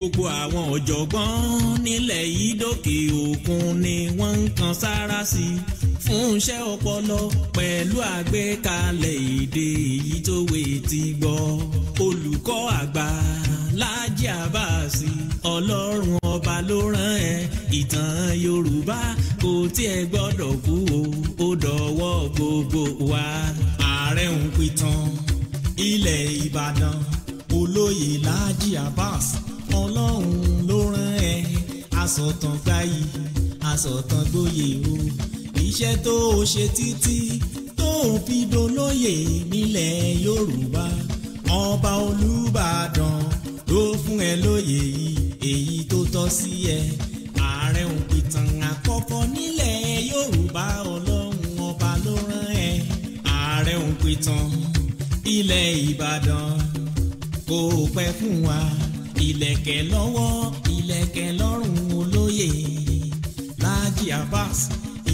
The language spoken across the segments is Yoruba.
Gbogbo àwọn ọ̀jọ̀gbọ́n nílẹ̀ yìí dókè òkun ni wọ́n ń kan sára sí i fún iṣẹ́ ọpọlọ pẹ̀lú àgbékalẹ̀ èdè èyí tó wé ti gbọ́ olùkọ́ àgbà Láàjì Àbáàsì Ọlọ́run ọba ló rán ẹ ìtàn Yorùbá kò tiẹ̀ gbọ́dọ̀ kú o ó dọ̀wọ́ gbogbo wa ààrẹ òǹpìtàn ilẹ̀ Ìbàdàn olóyè Láàjì Àbáàsì ọlọ́run ló rán ẹ asọ̀tàn gbayì asọ̀tàn gboyè o iṣẹ́ tó o ṣe títí tó o fi dolóyè nílẹ̀ yorùbá ọba olúbàdàn ló fún ẹ lóyè yìí èyí tó tọ́ sí ẹ ààrẹ òpìtàn àkọ́kọ́ nílẹ̀ yorùbá ọlọ́run ọba ló rán ẹ ààrẹ òpìtàn ilẹ̀ ìbàdàn kò pẹ́ fún wa ìlẹ̀kẹ̀ lọ́wọ́ ìlẹ̀kẹ̀ lọ́rùn olóyè Láàjì Abbas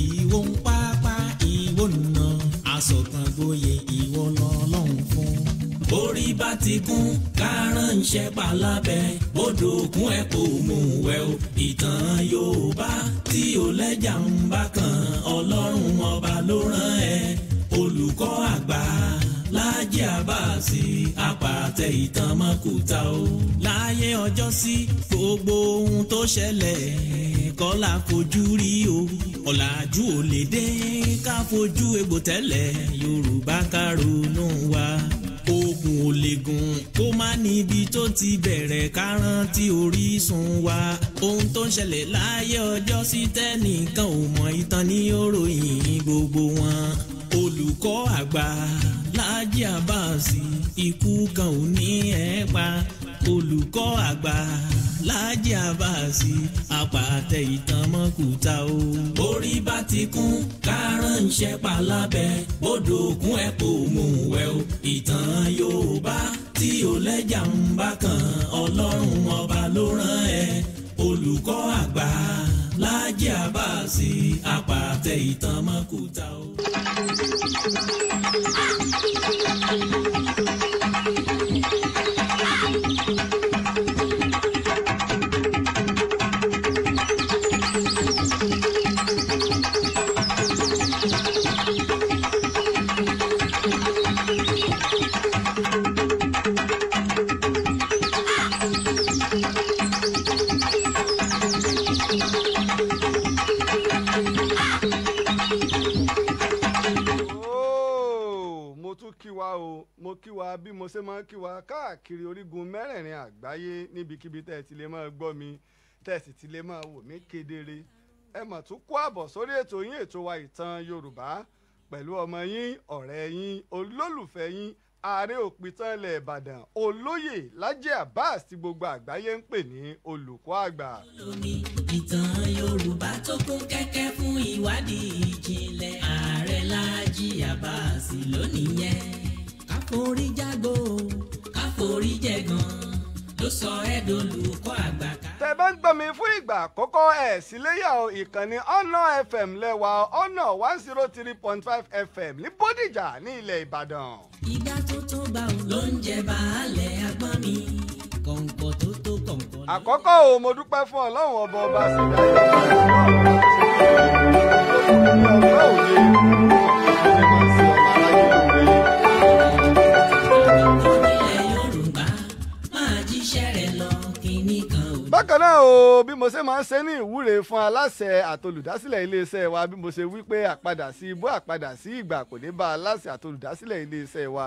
ìwọ ń pápá ìwọ nà asọ̀kan gboyè ìwọ lọ́lọ́run fún. Orí bá ti kún kárán ń ṣẹ́pà lábẹ́ bódò kún ẹ̀ kò mú wẹ̀ o ìtàn Yorùbá tí ó lẹ́jà ń bá kan Ọlọ́run ọba ló rán ẹ olùkọ́ àgbà. Láàjì Àbáàsì apàtẹ ìtàn mọ́kúta o. láyé ọjọ́ sí gbogbo ohun tó ṣẹlẹ̀ kọ́ la fojú rí o. ọ̀làjú ò lè dé ká fojú egbò tẹ́lẹ̀ Yorùbá ká ronú wa oògùn ò lè gùn kó má níbi tó ti bẹ̀rẹ̀ ká rántí orísun wa ohun tó ń ṣẹlẹ̀ láyé ọjọ́ sí tẹ́nìkan ò mọ ìtàn ní oròyìn gbogbo wọn olùkọ́ àgbà Láàjì Àbáàsì ikú kan ò ní ẹ̀ pa olùkọ́ àgbà Láàjì Àbáàsì apàtẹ ìtàn mọ́kúta o. orí bá ti kún kárán ń ṣẹ́pà lábẹ́ bódò kún ẹ̀ kò mú wẹ̀ o ìtàn Yorùbá tí ó lẹ́jà ń bá kan Ọlọ́run ọba ló rán ẹ olùkọ́ àgbà. Alhaji Abbas apàtẹ ìtàn mọ́kúta o. o mo kí wa bí mo ṣe máa ń kí wa káàkiri orígun mẹ́rẹ̀ẹ̀rin àgbáyé níbikíbi tẹ́ ẹ ti lè máa gbọ́ mi tẹ́ ẹ sì ti lè máa wò mí kedere ẹ mà tún kó àbọ̀ sórí ètò yín ètò wa ìtàn Yorùbá pẹ̀lú ọmọ yín ọ̀rẹ́ yín olólùfẹ́ yín ààrẹ òpìtàn ilẹ̀ Ìbàdàn olóyè Lájí Abbas tí gbogbo àgbáyé ń pè ní olùkọ́ àgbà. ìtàn Yorùbá tó kún kẹ́kẹ́ fún ìwádìí ìjìnlẹ̀ ààrẹ Lájí Abbas lónìí yẹn forí jágbo ká forí jẹ̀gàn ló sọ ẹ́ dolùkọ́ àgbà ká. bá ń gbọ́ mi fún ìgbà àkọ́kọ́ ẹ̀ síléyà o ìkànnì ọ̀nà fm lẹ́wà ọ̀nà one zero oh three point five fm ní bódìjà ní ilẹ̀ ìbàdàn. ìgbà tó tó bá òun ló ń jẹ baálẹ̀ agbọ́n mi kọ̀ǹkọ̀ tó tó kọ̀ǹkọ̀. àkọ́kọ́ o mo dúpẹ́ fún ọlọ́run ọba ọba sí i. bákan náà o bí mo ṣe máa ń ṣe ní ìwúre fún aláṣẹ àtolùdásílẹ̀ iléeṣẹ́ wa bí mo ṣe wí àpadà sí ibú àpadà sí ìgbà kò ní bá aláṣẹ àtolùdásílẹ̀ iléeṣẹ́ wa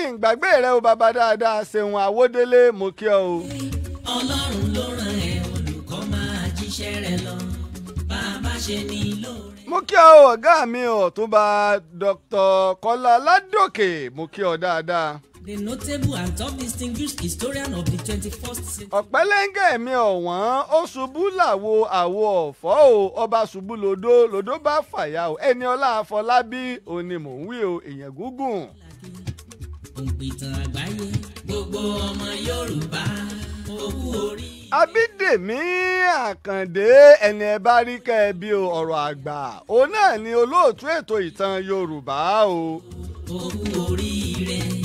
ìgbàgbé rẹ o bàbá dáadáa ṣeun àwọdélé mo kí ọ o. ọlọ́run ló ràn ẹ́ olùkọ́ máa jíṣẹ́ rẹ lọ bàbá ṣe ní lóore. mo kí ọ ọ̀gá mi ọ̀túnba dr kọ́lá ládòkè mo kí ọ dáadáa. The notable and top distinguished historian of the twenty-first century. ọ̀pẹ́lẹ́ngẹ̀ mi ọ̀wọ́n ó ṣubú làwo àwo ọ̀fọ́ o ọba ṣubú lódó lódó bá fàyà o ẹni ọlá àfọlábí òní mò ń wí o èèyàn gúngùn. òǹpìtàn àgbáyé gbogbo ọmọ Yorùbá òkú orí. Abídèmí Àkàndé ẹni ẹ bá rí kẹ́ ẹ bí ọ̀rọ̀ àgbà òun náà ni olóòtú ètò ìtàn Yorùbá o. òkú oríire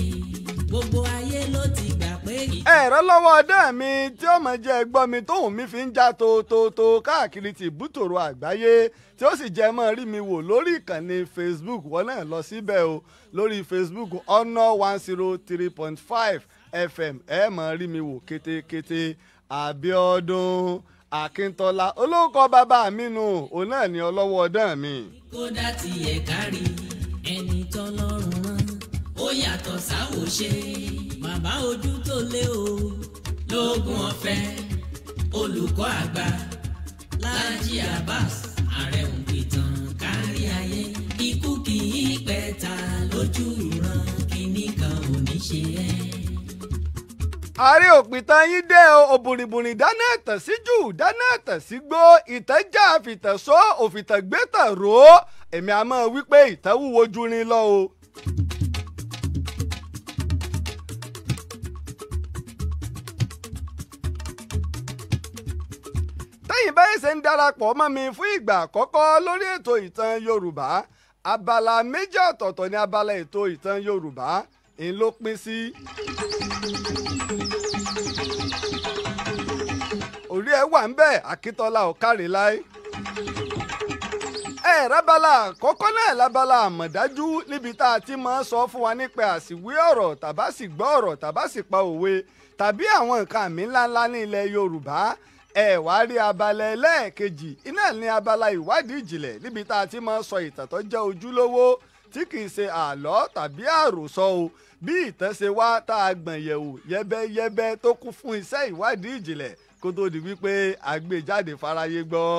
gbogbo ayé ló ti gbà pé yìí. ẹ̀rọ lọ́wọ́ ọdẹ mi tí ó jẹ́ ẹgbọ́n mi tóun mi fi ń já tòótòótò káàkiri ti ìbútòrò àgbáyé tí ó sì jẹ́ mọ́ rí mi wò lórí ìkànnì Facebook wọn náà lọ síbẹ̀ o lórí Facebook ọ̀nà one zero three point five FM ẹ̀ mọ̀ rí mi wò kétékété Àbíọ́dún Akíntọ́lá olóńkọ bàbá mi nù òun náà ni ọlọ́wọ́ ọdẹ mi. kódà ti kárí ẹni tọ́lọ́run rán yàtọ̀ sáwòṣe bàbá ojú tó lé o lóògùn ọ̀fẹ́ olùkọ́ àgbà Láàjì Abbas ààrẹ òǹpìtàn kárí ayé ikú kì í pẹ́ ta lójú ìran kìíní kan ò ní ṣe ẹ́. ààrẹ òpìtàn yín dé òbùrìbùrì dáná ẹ̀tàn sí jù dáná ẹ̀tàn sí gbó ìtẹ́jà fìtẹ̀sọ́ òfìtẹ̀gbẹ́tẹ̀ rò ó èmi àmọ́ wípé ìtẹ́wúwo ju rin lọ o. abáyẹ̀sẹ̀ ń darapọ̀ mọ́ mi fún ìgbà àkọ́kọ́ lórí ètò ìtàn Yorùbá abala méjì ọ̀tọ̀ọ̀tọ̀ ní abala ètò ìtàn Yorùbá ń ló pín sí. orí ẹ wà ń bẹ Akíntọ́lá ò kárí láé ẹ rábala àkọ́kọ́ náà lábala àmọ̀dájú níbi tá a ti máa sọ fún wa nípa àsìwé ọ̀rọ̀ tàbá sì gbọ́ ọ̀rọ̀ tàbá sì pa òwe tàbí àwọn nǹkan àmì ńláńlá ní ilẹ̀ Yorùbá ẹ wá rí abala ẹlẹ́ẹ̀kejì iná ní abala ìwádìí ìjìnlẹ̀ níbi tá a ti máa sọ ìtàn tó jẹ́ ojúlówó tí kì í ṣe àlọ́ tàbí àròsọ o bí ìtàn ṣe wá tá a gbọ̀n yẹ̀wò yẹ́bẹ́yẹ́bẹ́ tó kún fún iṣẹ́ ìwádìí ìjìnlẹ̀ kó tó di wípé àgbéjáde e fáráyé gbọ́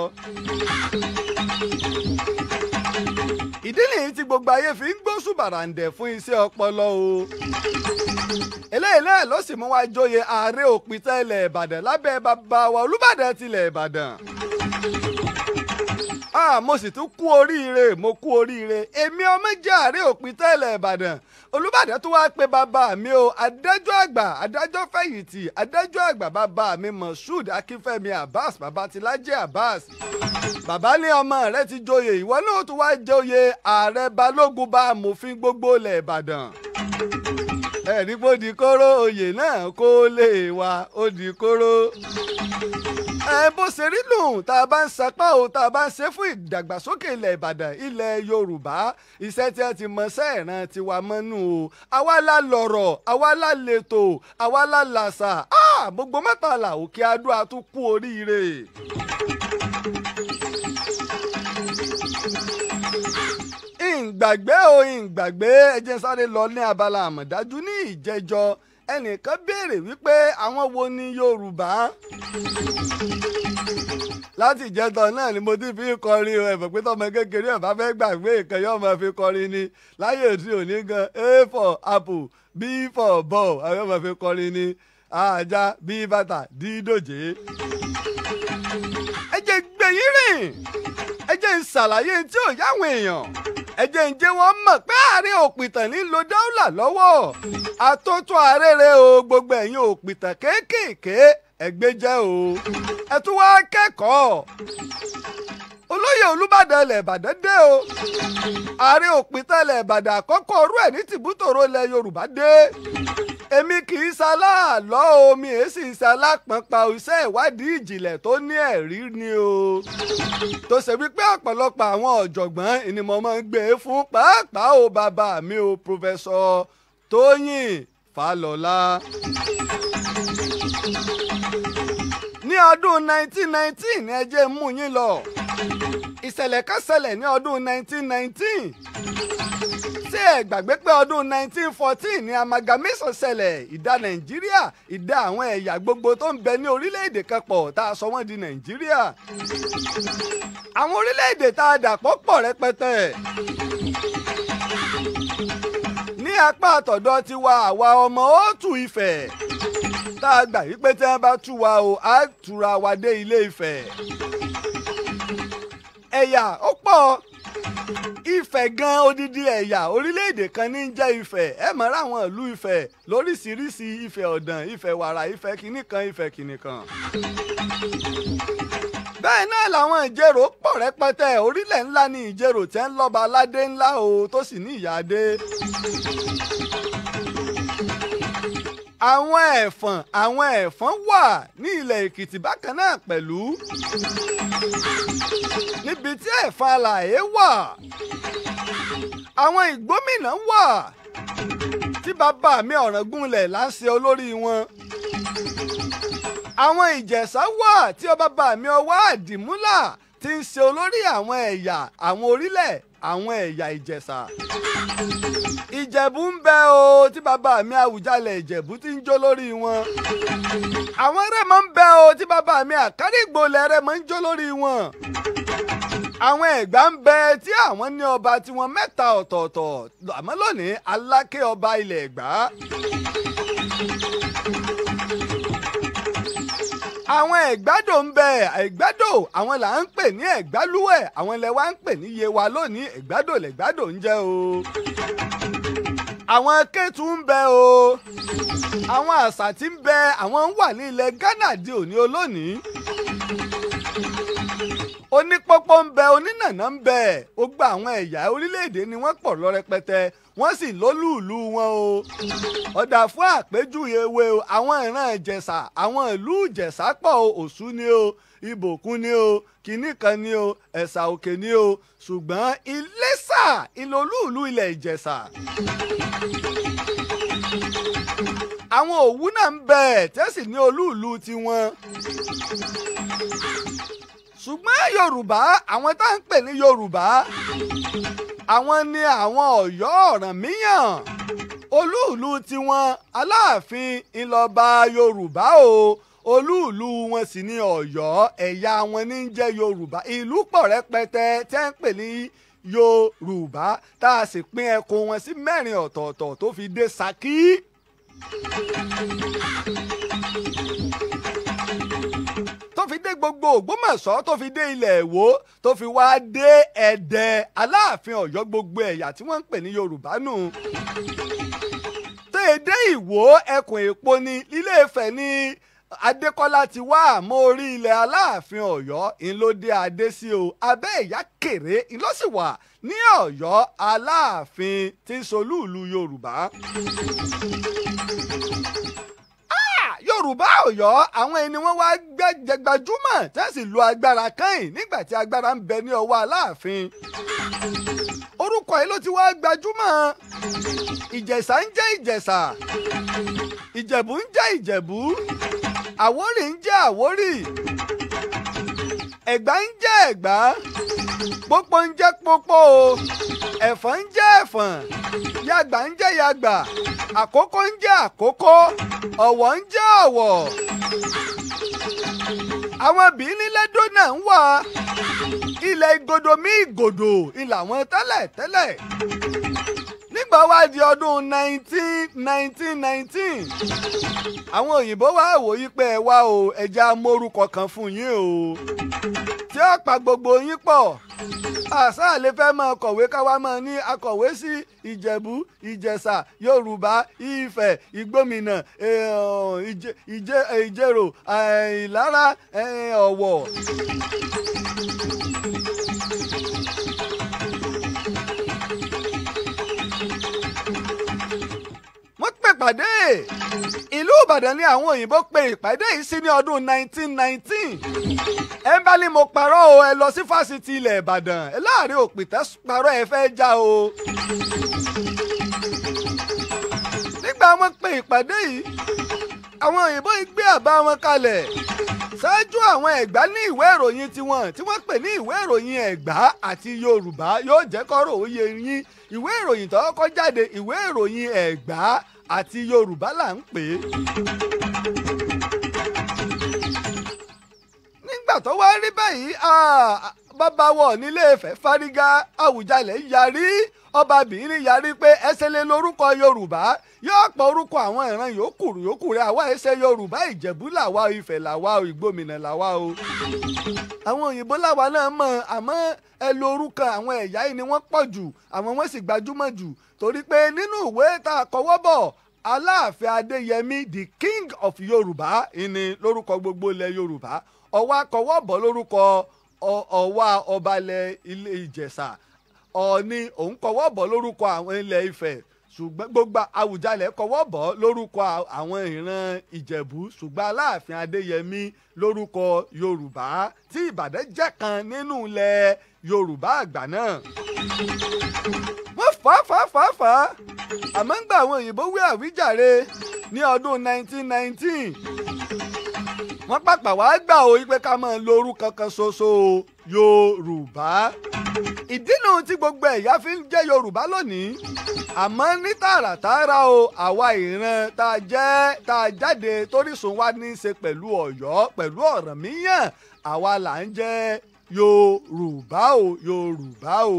ìdí nìyí tí gbogbo ayé fi ń gbóṣù bàràǹdẹ̀ fún iṣẹ́ ọpọlọ o. eléyìí náà ló sì mú wá joyè ààrẹ òpìtẹ́ ilẹ̀ ìbàdàn lábẹ́ bàbá wa olúbàdàn tilẹ̀ ìbàdàn ah mo sì tún kú oríire mo kú oríire èmi ọmọ jàre òpin tẹ́lẹ̀ ìbàdàn olùbàdàn tó wáá pe bàbá mi o adájọ́ àgbà adájọ́ fẹ̀yìntì adájọ́ àgbà bàbá mi moshood akínfẹ́mi abbas babatilájẹ́ abbas bàbá ní ọmọ rẹ ti joyè ìwọ náà tó wáá joyè ààrẹ balógun bá amòfin gbogbo ilẹ̀ ìbàdàn ẹ̀rí pé ó di kóró oyè náà kó lè wá ó di kóró. ẹ bó ṣe rí lòun tá a bá ń sapá o tá a bá ń ṣe fún ìdàgbàsókè ilẹ̀ Ìbàdàn ilẹ̀ Yorùbá iṣẹ́ tí a ti mọ sẹ́ẹ̀ràn tiwa mọ́nú o àwa la lọ̀rọ̀ àwa la lètò àwa la làṣà ah, gbogbo mẹ́tàlá òkè adó a tún kú oríire. ìgbàgbé o ìgbàgbé ẹ jẹ́ sáré lọ ní abala àmọ̀dájú ní ìjẹjọ ẹnìkan béèrè wípé àwọn wo ni Yorùbá láti ìjẹta náà ni mo ti fi kọrin o ẹ̀fọ̀ pé tọmọ kékeré ẹ̀ bá fẹ́ gbàgbé nǹkan yóò máa fi kọrin ni láyé òsì òní gan a for apple b for ball àwọn yóò máa fi kọrin ni ajá bí bàtà dídòjé. gbé yín rìn ẹ jẹ́ ń ṣàlàyé tí ò yáwọn èèyàn ẹ jẹ́ ń jẹ́ wọ́n mọ̀ pé àárín òpìtàn ní lo dáúlà lọ́wọ́ àrèrè o gbogbo ẹ̀yin òpìtàn kéékèèké ẹgbẹ́ jẹ́ o ẹ tún wá kẹ́kọ̀ọ́ olóyè ilẹ̀ ìbàdàn dé o òpìtàn ilẹ̀ ìbàdàn àkọ́kọ́ ẹ̀ ní tìbútòrò èmi kì í ṣaláàlọ́ omi èsì ṣalápọ̀npa iṣẹ́ ìwádìí ìjìnlẹ̀ tó ní ẹ̀rí ni o. tó ṣe wípé ọ̀pọ̀lọpọ̀ àwọn ọ̀jọ̀gbọ́n ìnìmọ̀ máa ń gbé e fún pàápàá o bàbá mi o pòfẹ́sọ Tóyìn Fálọlá. ní ọdún 1919 ni ẹ jẹ́ mú yín lọ ìṣẹ̀lẹ̀ kan ṣẹlẹ̀ ní ọdún 1919 ṣé ẹ gbàgbé pé ọdún 1914 ni amalgamation ṣẹlẹ̀ ìdá nàìjíríà ìdá àwọn ẹ̀yà gbogbo tó ń bẹ ní orílẹ̀-èdè kan pọ̀ tá a sọ wọ́n di nàìjíríà. àwọn orílẹ̀-èdè tá a dàpọ̀ pọ̀ rẹpẹtẹ ní apá àtọ̀dọ̀ ti wa àwa ọmọ òòtù Ifẹ̀ tá a gbà wípé tí wọ́n bá tú wa o á tura wa dé Ilé Ifẹ̀ ẹ̀yà ó pọ̀ Ifẹ̀ gan odidi ẹ̀yà orílẹ̀-èdè kan ní í jẹ́ Ifẹ̀ ẹ mọ̀ ráwọn ìlú Ifẹ̀ lóríṣiríṣi Ifẹ̀ ọ̀dàn Ifẹ̀ wàrà Ifẹ̀ kìnìkan Ifẹ̀ kìnìkan. bẹ́ẹ̀ náà làwọn ìjẹ̀rò pọ̀ rẹpẹtẹ orílẹ̀ ńlá ní ìjẹ̀rò tẹ́ ń lọ́ba aládé ńlá o tó sì ní ìyáadé àwọn ẹ̀fọ̀n àwọn ẹ̀fọ̀n wà ní ilẹ̀ èkìtì bákan náà pẹ̀lú níbi tí ẹ̀fọn alàyè wà àwọn ìgbómìnà wà tí bàbá mi Ọ̀ràngúnlẹ̀ là ń ṣe olórí wọn àwọn ìjẹ̀ṣà wà tí ọba bàbá mi ọwọ́ àdìmúlà tí ń ṣe olórí àwọn ẹ̀yà àwọn orílẹ̀ àwọn ẹ̀yà ìjẹ̀ṣà. ìjẹ̀bú ń bẹ o tí bàbá mi àwùjalẹ̀ ìjẹ̀bú ti ń jó lórí wọn. àwọn rẹ́mọ ń bẹ o tí bàbá mi àkárìgbòlẹ̀ rẹ́mọ ń jó lórí wọn. àwọn ẹ̀gbá ń bẹ tí àwọn ní ọba tiwọn mẹ́ta ọ̀tọ̀ọ̀tọ̀ àmọ́ lónìí aláké ọba ilẹ̀ ẹ̀gbá. àwọn ẹ̀gbádò ń bẹ ẹ̀gbádò àwọn là ń pè ní ẹ̀gbálúwẹ̀ àwọn ilẹ̀ wa ń pè ní yewa lónìí ẹ̀gbádò lẹ̀gbádò ń jẹ́ o àwọn kẹ́tù ń bẹ o àwọn àṣà tí ń bẹ àwọn ń wà ní ilẹ̀ Ghana di òní olónìí onípọ́pọ́ ń bẹ onínànà ń bẹ ó gba àwọn ẹ̀yà orílẹ̀ ni wọ́n pọ̀ lọ rẹpẹtẹ wọ́n sì lólùlù wọn o ọ̀dà fún àpèjúwe we o àwọn ìran ìjẹ̀ṣà àwọn ìlú ìjẹ̀ṣà pọ̀ o òṣù ni o ibòkun ni o kìíní kan ni o ẹ̀ṣà òkè ni o ṣùgbọ́n Iléṣà ìlólùlù ilẹ̀ ìjẹ̀ṣà àwọn Òwu náà ń bẹ tẹ́sì ní olúùlú tiwọn ṣùgbọ́n Yorùbá àwọn tá à ń pè ní Yorùbá àwọn ni àwọn ọ̀yọ́ ọ̀rànmíyàn olúùlú tiwọn aláàfin ńlọba yorùbá o olúùlú wọn sì ní ọ̀yọ́ ẹ̀yà wọn ní ń jẹ́ yorùbá ìlú pọ̀ rẹpẹtẹ tẹ́ ń pè ní yorùbá tá a sì pín ẹkùn wọn sí mẹ́rin ọ̀tọ̀ọ̀tọ̀ tó fi dé Ṣakí. dé gbogbo Ògbómọ̀ṣọ́ tó fi dé ilẹ̀ èwo tó fi wá dé ẹ̀dẹ̀ aláàfin ọ̀yọ́ gbogbo ẹ̀yà tí wọ́n ń pè ní yorùbá nù déédé ìwò ẹkùn èpo ni ilé Ifẹ̀ ni adékọ́lá ti wá àmọ́ orí ilẹ̀ aláàfin ọ̀yọ́ ńlọdẹ adé sí o abẹ́ ìyá kéré ńlọ́sì wà ní ọ̀yọ́ aláàfin tí ń yorùbá yorùbá ọ̀yọ́ àwọn ẹni wọ́n wá gbajúmọ̀ tẹ́ sì lo agbára kẹ́yìn nígbà tí agbára ń bẹ ní ọwọ́ aláàfin orúkọ yìí ló ti wá gbajúmọ̀ ìjẹ̀ṣà ń jẹ́ ìjẹ̀ṣà ìjẹ̀bú ń jẹ́ ìjẹ̀bú àwórì ń jẹ́ àwórì ẹ̀gbá ń jẹ́ ẹ̀gbá pópó ń jẹ́ pópó o ẹ̀fọ́n ń jẹ́ ẹ̀fọ́n yàgbà ń jẹ́ yàgbà àkókò ń jẹ́ àkókò ọ̀wọ̀ ń jẹ́ ọ̀wọ̀ àwọn bìínílẹ́dọ́ náà ń wà ilẹ̀ ìgòdò mí ìgòdò ìlà wọn tẹ́lẹ̀ tẹ́lẹ̀ nígbà wá di ọdún nineteen nineteen nineteen àwọn òyìnbó wá wòye pé ẹ wá o ẹja mórúkọ kan fún yín o tí ó pa gbogbo yín pọ̀ àṣà lè fẹ́ máa kọ̀wé ká wá máa ní akọ̀wé sí ìjẹ̀bú ìjẹ̀ṣà yorùbá ifẹ̀ ìgbómìnà eh, ìjẹ̀rò eh, ìlara eh, ọ̀wọ̀. wọ́n pè pàdé ìlú ìbàdàn ni àwọn òyìnbó pe ìpàdé yìí sí ní ọdún 1919 ẹ bá ní mo parọ́ o ẹ lọ sí fásitì ilẹ̀ ìbàdàn ẹ láàrin òpìtẹ́ parọ́ ẹ fẹ́ já o. nígbà wọ́n pe ìpàdé yìí àwọn òyìnbó yìí gbé àbá wọn kalẹ̀ ṣáájú àwọn ẹ̀gbá ní ìwé ìròyìn tiwọn tí wọ́n pè ní ìwé ìròyìn ẹ̀gbá àti yorùbá yóò jẹ́ kọ́rọ̀ òye yín ìwé ìròyìn tó kọ́ jáde ìwé ìròyìn ẹ̀gbá àti yorùbá là ń pè é. nígbà tó wá rí báyìí bàbá wọn nílé Ifẹ̀ fárígá Àwùjalẹ̀ yarí ọba bìíní yarí pé ẹsẹ̀lẹ̀ lórúkọ yorùbá yóò pọ̀ orúkọ àwọn ìran yòókù yòókù rẹ̀ àwa ẹsẹ̀ yorùbá ìjẹ̀bú làwa ìfẹ̀ làwa ìgbòmìnà làwa o. àwọn òyìnbó làwa náà mọ̀ àmọ́ ẹ lo orúkọ àwọn ẹ̀yà yìí ni wọ́n pọ̀ jù àwọn wọ́n sì gbajúmọ̀ jù torí pé nínú ìwé tá a kọwọ́ bọ̀ aláàfin adéyẹmí the king of yorùbá ìní lórúkọ gbogbo ilẹ̀ yorùbá ọwọ́ akọwọ́ bọ̀ lórúkọ ọwọ́ ọbalẹ̀ ilé ìjẹ̀ṣà ọ̀ọ́ni òun kọwọ́ bọ̀ lórúkọ àwọn ilẹ̀ Ifẹ̀ ṣùgbọ́n gbogbo Àwùjalẹ̀ kọwọ́ bọ̀ lórúkọ àwọn ìran Ìjẹ̀bú ṣùgbọ́n Aláàfin Adéyẹmí lórúkọ Yorùbá tí Ìbàdàn jẹ́ kan nínú ilẹ̀ Yorùbá àgbà náà. wọ́n fà á fà á fà á fà á àmọ́ ń gba àwọn òyìnbó wí àwíjàre ní ọdún 1919 wọ́n pàpà wá gbà ó yí pé ká máa lo orúkọ kan ṣoṣo yorùbá ìdí nù tí gbogbo ẹ̀yà fi ń jẹ́ yorùbá lónìí àmọ́ ní tààràtààrà o àwa ìran tá a jẹ́ tá a jáde torísun wa ní í ṣe pẹ̀lú ọ̀yọ́ pẹ̀lú ọ̀rànmíyàn àwa là ń jẹ́ yorùbá o yorùbá o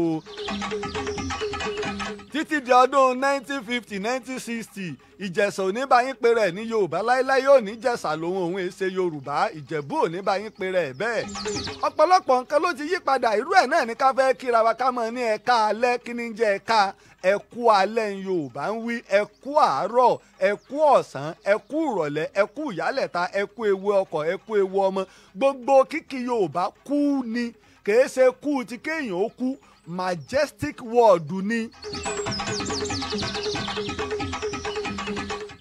títí di ọdún 1950 1960 ìjẹ̀ṣà ò ní bá yín pe rẹ̀ ní yorùbá láéláé yóò ní jẹ̀ṣà lòun òun èé ṣe yorùbá ìjẹ̀bú ò ní bá yín pe rẹ̀ bẹ́ẹ̀. ọ̀pọ̀lọpọ̀ nǹkan ló ti yí padà irú ẹ̀ náà ní ká fẹ́ kíra wa ká mọ̀ ní ẹ̀ka alẹ́ kí ni jẹ́ ẹ̀ka ẹ̀kú alẹ́ ń yorùbá ń wí ẹ̀kú àárọ̀ ẹ̀kú ọ̀sán ẹ̀kú ìrọ̀lẹ́ ẹ̀kú ìyálẹ̀ta ẹ̀kú ewu ọkọ̀ ẹ̀kú ewu ọmọ gbogbo kíkí yorùbá kú ni kèé ṣe kú ti kéèyàn ó kú majestic world ni.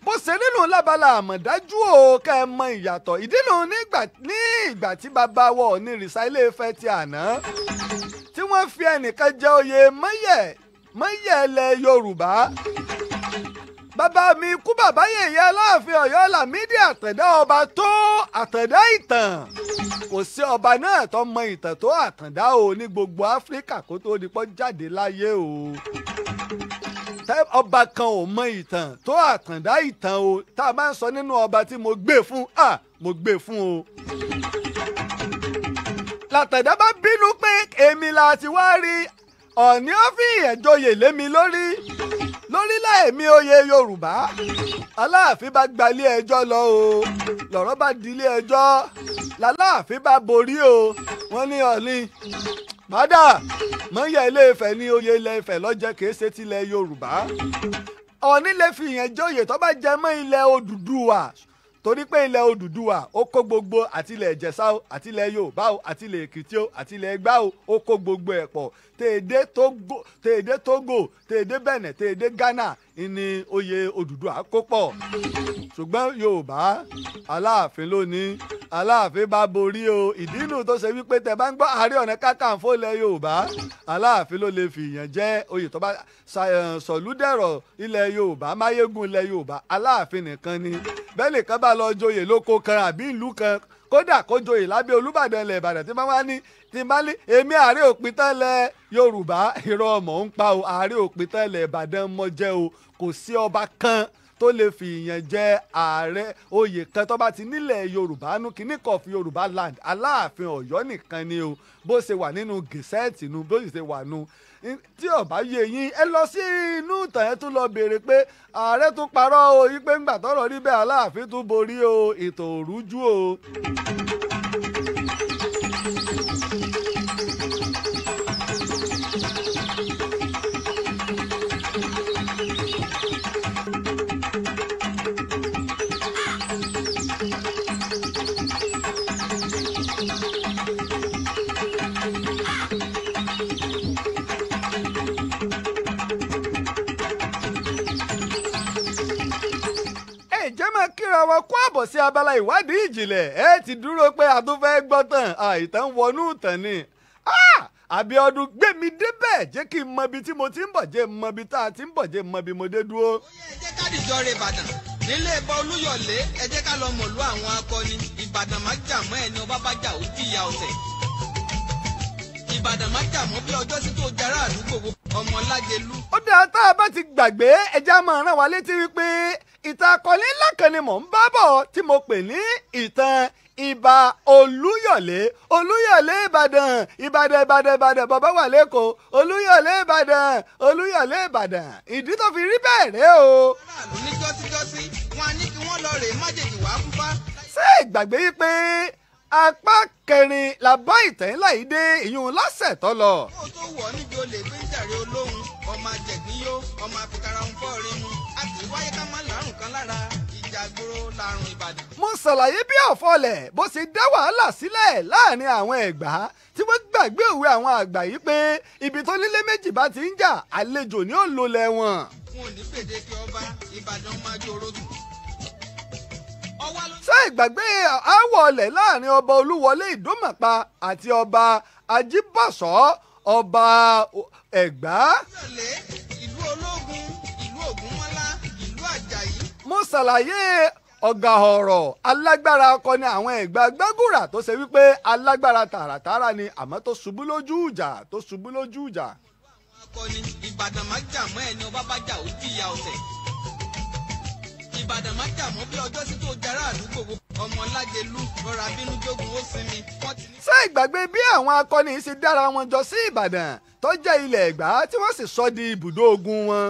mo ṣe nínú lábala àmọ̀dájú o ká ẹ mọ ìyàtọ̀ ìdí nù ní ìgbà tí bàbá wọ ní rìsà ilé Ifẹ̀ ti àná tí wọ́n fi ẹnìkan jẹ oyè mọ́yẹ̀ mọ́yẹ̀ ilẹ̀ Yorùbá bàbá mi kú bàbá yèyé aláàfin ọ̀yọ́ làmídì àtẹ̀dá ọba tó àtẹ̀dá ìtàn kò sí ọba náà tó mọ ìtàn tó àtàndá o ní gbogbo áfíríkà kó tó di pọ́ jáde láyé o ọba kan ò mọ ìtàn tó àtàndá ìtàn o tá a máa ń sọ nínú ọba tí mo gbé fún a mo gbé fún o làtàndá bá bínú pé èmi la ti wá rí ọ̀ní ọ́fíì ẹ̀jọyè lémi lórí lórílẹ̀ èmi oyè yorùbá aláàfin bá gba ilé ẹjọ́ lọ o lọ́rọ̀ bá di ilé ẹjọ́ làláàfin bá borí o wọ́n ní ọ̀lìn padà mọ́yà ilé Ifẹ̀ ní oyè ilẹ̀ Ifẹ̀ lọ́jẹ́ kìí ṣe tilẹ̀ yorùbá ọ̀ní lè fi ìyẹn jóyè tó bá jẹ mọ́ ilẹ̀ Odùduwà torí pé ilẹ̀ Odùduwà ó kó gbogbo àti ilẹ̀ Ìjẹ̀ṣà o àti ilẹ̀ Yorùbá o àti ilẹ̀ Èkìtì o àti ilẹ̀ Ẹ̀gbá o ó kó gbogbo ẹ̀ pọ̀ tèèdè togo tèèdè togo tèèdè benin tèèdè ghana ni oyè Odùduwà kó pọ̀ ṣùgbọ́n yorùbá aláàfin ló ní aláàfin bá borí o ìdínú tó ṣe wípé tẹ bá ń gbọ́ àárẹ̀ ọ̀nà kákàǹfò lẹ yorùbá aláàfin ló lè fìyàn jẹ oyè tó bá sọ̀lúdẹ̀rọ̀ ilẹ̀ yorùbá máyégún ilẹ̀ yorùbá aláàfin nìkan ni bẹ́ẹ̀ nìkan bá lọ joyè lóko kan àbí ìlú kan kódà kó joyè lábẹ́ olúbàdàn ilẹ̀ ìbàdàn tí máa ní tí máa ní èmi ààrẹ òpin tẹ́lẹ̀ yorùbá irọ́ ọmọ ń pa o ààrẹ òpin tẹ́lẹ̀ ìbàdàn mọ́ jẹ́ o kò sí ọba kan tó lè fi ìyẹn jẹ ààrẹ oyè kan tó bá ti nílẹ̀ yorùbá nú kíní kan fi yorùbá land aláàfin ọ̀yọ́ nìkan ni o bó ṣe wà nínú gẹ̀ẹ́sẹ̀tì nu bó sì ṣe wà nínú tí ò bá yé yín ẹ lọ sí inú ìtàn ẹ tún lọ béèrè pé ààrẹ tún parọ́ o yí pé ńgbà tọ́rọ̀ rí aláàfin tún borí o ètò òrújú o. kíra wa kó àbọ̀ sí abala ìwádìí ìjìnlẹ̀ ẹ ti dúró pé a tún fẹ́ gbọ́ tán àìtàn wọnú tàn ni. Ah! Abíọ́dún gbé mi débẹ̀ jẹ́ kí n mọ ibi tí mo ti ń bọ̀ jẹ́ mọ ibi tá a ti ń bọ̀ jẹ́ mọ ibi mo dé dúró. ó yẹ ẹ jẹ́ ká dìjọ́ rẹ̀ Ìbàdàn nílé ẹbọ Olúyọ̀lé ẹ ká lọ mọ̀lú àwọn akọni Ìbàdàn má jà mọ́ ẹni ọba bá jà ó jìyà ọ̀tẹ̀. Ìbàdàn má jà mọ́ bí ọjọ́ sí tó jara àdúgbò ọmọ lájẹlú. ó dáa tá a bá ti gbàgbé ẹja máa rán wa létí wípé ìtàn akọni ńlá kan ni mò ń bá bọ̀ tí mo pè ní ìtàn ìbà olúyọ̀lé olúyọ̀lé ìbàdàn ìbàdàn ìbàdàn ìbàdàn bàbá wà lẹ́kọ̀ọ́ olúyọ̀lé ìbàdàn olúyọ̀lé ìbàdàn ìdí tó fi rí bẹ́ẹ̀ rẹ o. ṣé ìgbàgbé yìí pé apá kẹrin la bá ìtẹ́ ńlá ìyún lọ́sẹ̀ tó lọ. ó tó wọ̀ níbi olè gbé jàre olóhùn ọmọ àjẹ̀gbín yó ọmọ àfikàrà ń fọ́ rí mu àti wáyé ká má kan lára ìjàgboro làrùn ìbàdàn. mo ṣàlàyé bí ọ̀fọ̀lẹ̀ bó ṣe dá wàhálà sílẹ̀ láàrin àwọn ẹ̀gbá tí wọ́n gbàgbé òwe àwọn àgbà yìí pé ibi tó nílé méjì bá ti ń jà àlejò ni ó lò lẹ́wọ̀n. wọn ò ní gbèdéke ọba ìbàdàn máa jó orógùn ṣé ìgbàgbé àwọ̀ láàrin ọba olúwọlé ìdómọ̀pá àti ọba ajíbọ̀ṣọ́ ọba ẹ̀gbá. mo ṣàlàyé ọ̀gàhọ̀rọ̀ alágbára akọni àwọn ẹ̀gbà gbàgùrà tó ṣe wípé alágbára tààràtààrà ni àmọ́ tó ṣubú lójú ìjà tó ṣubú lójú ìjà. akọni ìbàdàn má jà mọ́ ẹni ọba bá jà ó ya ọ̀sẹ̀ ìbàdàn má jà mọ́ bí ọjọ́ sí tó jara àdúgbò ọmọlájẹlú rọra bínú jogun ó sinmi. ṣé ìgbàgbé bí àwọn akọni yìí ṣe wọn jọ sí ìbàdàn tó jẹ́ ilẹ̀ tí wọ́n sì di ibùdó ogun wọn.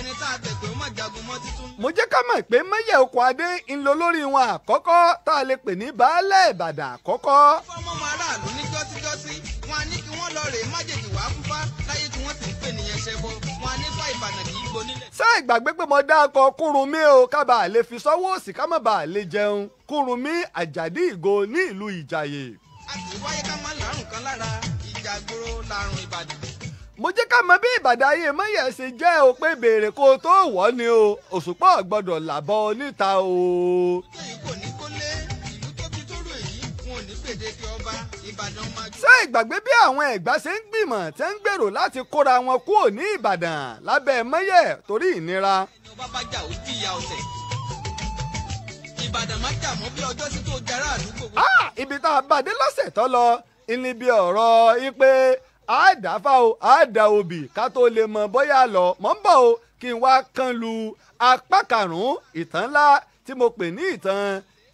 ẹni tá a bẹ̀ pé mọ̀ jagun mọ́ títún. mo jẹ́ ká mọ̀ pé mẹ́yẹ̀ okùn adé ń lo lórí wọn àkọ́kọ́ tá a lè pè ní baálẹ̀ ìbàdàn àkọ́kọ́. fọmọ ọmọ aráàlú ní jọ́síjọ́sí wọn a ní kí wọ́n lọ rèé májèjì wá fúfá láyé tí wọ́n ti ń pè níyẹn ṣẹbọ wọn a ní fá ìbàdàn kì í gbó ṣé ìgbàgbé pé mo dá ọkọ̀ Kúrúnmí o ká bàa lè fi sọ́wọ́ òsì ká má bàa lè jẹun Kúrúnmí Àjàdí Ìgò ní ìlú Ìjàyè. a wáyé ká má lárùn kan lára ìjà àgbòrò Ìbàdàn mo jẹ́ ká mọ bí ìbàdàn ayé mọ́yẹ̀ ṣe jẹ́ o pé béèrè kó o tó wọ̀ ni o òṣùpá gbọ́dọ̀ làbọ̀ oníta o. ṣé ìgbàgbé bí àwọn ẹ̀gbá ṣe ń gbìmọ̀ tẹ́ ń gbèrò láti kóra wọn kúrò ní ìbàdàn lábẹ́ mọ́yẹ̀ torí ìnira. Ah! ibi tá a bàdé lọ́sẹ̀ tó lọ ìní ọ̀rọ̀ yìí á dà fà o á dà obì ká tó lè mọ bóyá lọ mọ̀ ń bọ̀ o kí n wá kán lu apá karùn-ún ìtàn ńlá tí mo pè ní ìtàn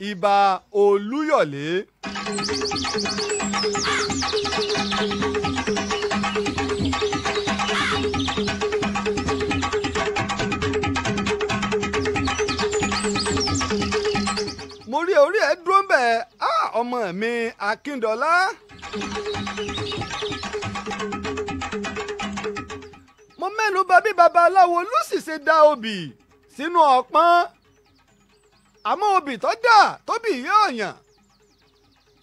ibà olúyọ̀lé. mo rí orí ẹ dúró ń bẹ̀ ah, ọmọ mi akíndọ́lá mo mẹ́nu bà bí babaláwo Lucy ṣe da obì sínú ọ̀pọ̀n àmọ́ obì tó dà tóbì yóò yàn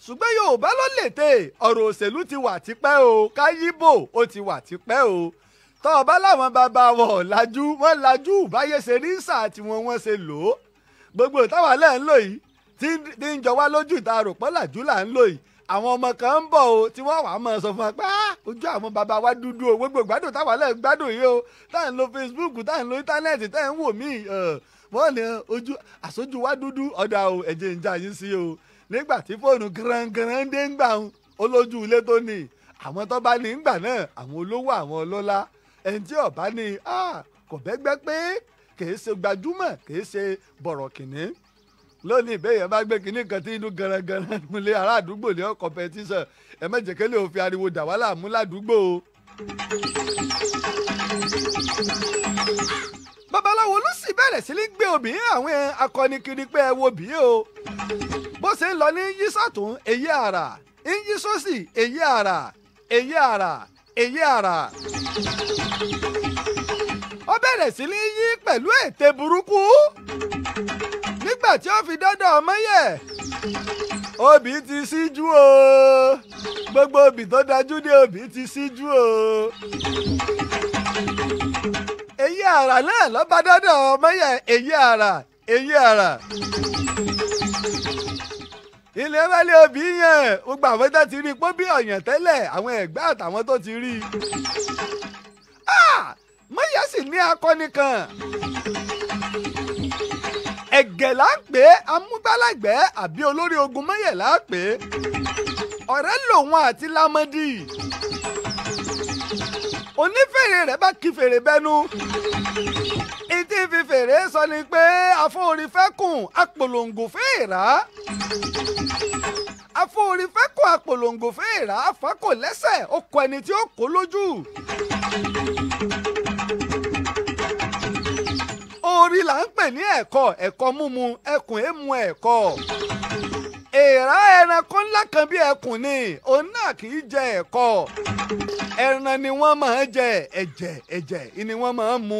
ṣùgbọ́n Yorùbá ló lè tè ọ̀rọ̀ òṣèlú ti wà tipẹ́ o káyíbò ó ti wà tipẹ́ o tọ́ ọba láwọn bàbá wọn làjú wọn làjú báyé ṣe rí sáà tí wọn wọ́n ṣe lò ó gbogbo táwa lẹ́ ń lò yìí tí ń jọ wá lójú ìta àròpọ̀ làjú là ń lò yìí àwọn ọmọ kan ń bọ̀ o tí wọ́n wàá mọ̀ sọ fún wa pé ah, ojú àwọn bàbá wa dúdú o gbogbo gbádùn táwa lẹ́ẹ̀ gbádùn yìí o táà ń lo Facebook táà ń lo íńtánẹ́ẹ̀tì táà ń wò mí wọ́n ní ojú àsójú wa dúdú ọ̀dà o ẹ̀jẹ̀ ń já yín sí o nígbà tí fóònù grangan dé ń gbà ń olójú ilé tó ní àwọn tó bá ní ń gbà náà àwọn olówó àwọn ọlọ́lá ẹni tí ọ̀bá ní ah, kò bẹ́gbẹ́ pé kì í ṣe gbajúmọ̀ kì í ṣe bọ̀rọ̀kìnní lónìí ìbéèyàn bá gbé kínní kan tí inú garangaran nílé ará àdúgbò ní competition ẹ má jẹ́ kẹ́lẹ́ òfin ariwo dà wá láàmú ládùúgbò o. babaláwo ló sì bẹ̀rẹ̀ sí ní gbé obìnrin àwọn akọni kiri pé ẹ wo bì í o bó ṣe ń lọ ní yísàtún èyí àrà ń yísọ́sì èyí àrà èyí àrà èyí àrà ó bẹ̀rẹ̀ sí ní yí pẹ̀lú ète burúkú nígbà tí ó fi dọ́dọ̀ ọmọ yẹ̀ obì ti síjú o gbogbo obì tó dájú ní obì ti síjú o èyí àrà náà ló bá dọ́dọ̀ ọmọ yẹ̀ èyí àrà èyí àrà ilé wálé obì yẹn gbogbo àwọn tó ti rí i pé bí ọ̀yàn tẹ́lẹ̀ àwọn ẹ̀gbẹ́ àtàwọn tó ti rí i. Ah! mọ́yà sì ní akọni kan ẹ̀gẹ̀ là ń pè é amúgbálàgbẹ́ àbí olórí ogun mọ́yẹ̀ là ń pè é ọ̀rẹ́ lòun àti lámọ́dì onífèrè rẹ̀ bá kí fèrè bẹ́nu ìtì fi fèrè sọ ni pé afọ́nrin fẹ́ kùn apòlongo fèèrà afọ́nrin fẹ́ kùn apòlongo fèèrà afọ́kò lẹ́sẹ̀ ó kọ ẹni tí ó kó lójú orí là ń pè ní ẹ̀kọ́ ẹ̀kọ́ múmu ẹkùn èému ẹ̀kọ́ èèrà ẹranko ńlá kan bí ẹkùn ni òun náà kì í jẹ ẹ̀kọ́ ẹran ni wọ́n máa ń jẹ ẹ̀jẹ̀ ẹ̀jẹ̀ ni wọ́n máa ń mu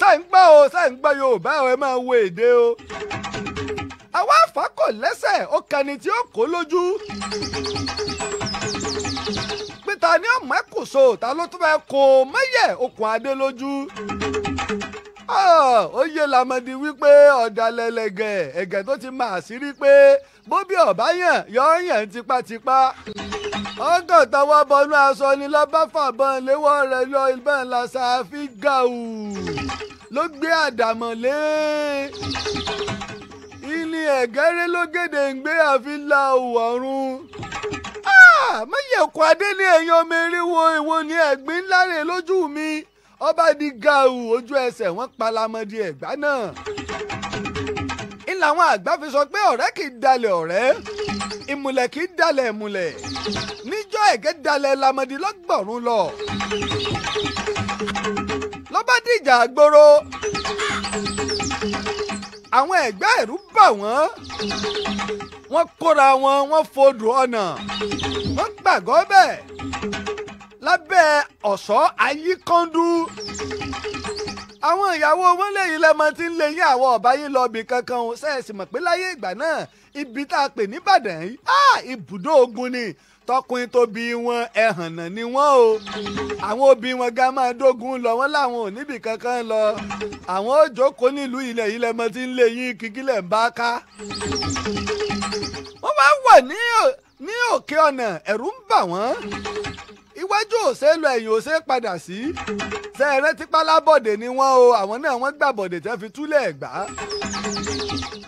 sáà ń gbọ́ o sáà ń gbọ́ Yorùbá ẹ máa wo èdè o àwa àfà kò lẹ́sẹ̀ ó kẹni tí ó kó lójú pété ni ọmọ ẹkùn so ta ló tún fẹ́ kó mẹ́yẹ̀ okùn adé lójú ó yé lamọ̀dì wípé ọ̀dàlẹ̀ lẹ̀gẹ̀ ẹ̀gẹ̀ tó ti máa sírí pé bóbí ọ̀bá yàn yọ̀ọ́ yàn tipátipá. ọkàn tọwọ́ bọnú aṣọ ni lọ́ba fàbọn léwọ́ rẹ̀ lọ ìbọn làṣà fi gà ù ló gbé àdàmọ̀ lé ilé ẹ̀gẹ́rẹ́ ló gèdè ń gbé àfi la ọ̀run ah! mọ̀yẹ̀kọ́ adé ní ẹ̀yàn mẹ́rin wo èwo ni ẹ̀gbín ńlá rẹ̀ lójú mi ọba di gàù ojú ẹsẹ̀ wọ́n palamọ́dé ẹ̀gbá náà. ń làwọn àgbà fi sọ pé ọ̀rẹ́ kì í dalẹ̀ ọ̀rẹ́ ìmùlẹ̀ kì í dalẹ̀ ìmùlẹ̀ níjọ́ ẹ̀gẹ́ dalẹ̀ lamọ́dé lọ́gbọ̀rún lọ. lọ́ba dìjà gbòòrò àwọn ẹ̀gbá ẹ̀rú bà wọ́n wọ́n kóra wọn wọ́n fodò ọ̀nà wọ́n gbàgbọ́ bẹ́ẹ̀ lábẹ́ ọ̀ṣọ́ ayíkọ́ndú àwọn ìyàwó wọn lẹ́yìn lẹ́mọ tí ń lè yín àwọn ọ̀bá yín lọ bì kankan o sẹ́ẹ̀sì mọ̀ pé láyé ìgbà náà ibi tá a pè nìbàdàn yìí ah, ibùdó ogun ni tọkùnrin tóbi wọn ẹhànnà ni wọn o àwọn òbí wọn ga máa dógun lọ wọn làwọn ò níbì kankan lọ àwọn ò jókòó nílùú ilẹ̀ yìí lẹ́mọ tí ń lè yín kíkílẹ̀ ń bá ká wọ́n máa ń wà ní òkè ọ̀nà ẹ̀rù ń bà wọ́n iwájú ò ṣe é lọ ẹ̀yìn ò ṣe é padà sí. ṣe é rántí pálábọ̀dé ni wọ́n o àwọn náà wọ́n gbà bọ̀dé tẹ́ fi túlẹ̀ ẹ̀gbá.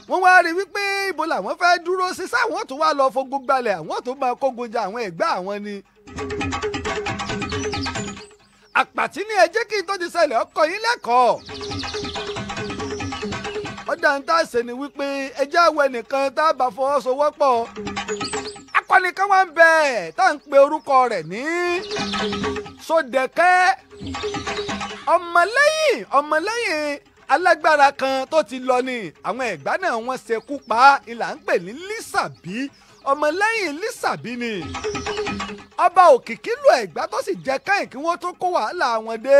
wọ́n wá rí wípé ibo làwọn fẹ́ dúró sí sáwọn tó wá lọ fogun gbalẹ̀ àwọn tó máa kógun ja àwọn ẹ̀gbá àwọn ni. àpàtì ni ẹ jẹ́ kí n tó ti ṣẹlẹ̀ ọkọ̀ yín lẹ́kọ̀ọ́ ọ̀dà ń tà ṣe ni wípé ẹ jẹ́ àwọn ẹnìkan tá a bá fọwọ́sowọ́pọ̀ akọni kan wá ń bẹ tá à ń pe orúkọ rẹ̀ ní Sódẹ̀kẹ́ ọmọlẹ́yìn ọmọlẹ́yìn alágbára kan tó ti lọ ni àwọn ẹ̀gbá náà wọ́n ṣekú pa ìlà ń pè ní Lísàbí ọmọlẹ́yìn Lísàbí ni ọba òkìkí lu ẹ̀gbá tó sì jẹ́ káyìn kí wọ́n tó kó wàhálà wọn dé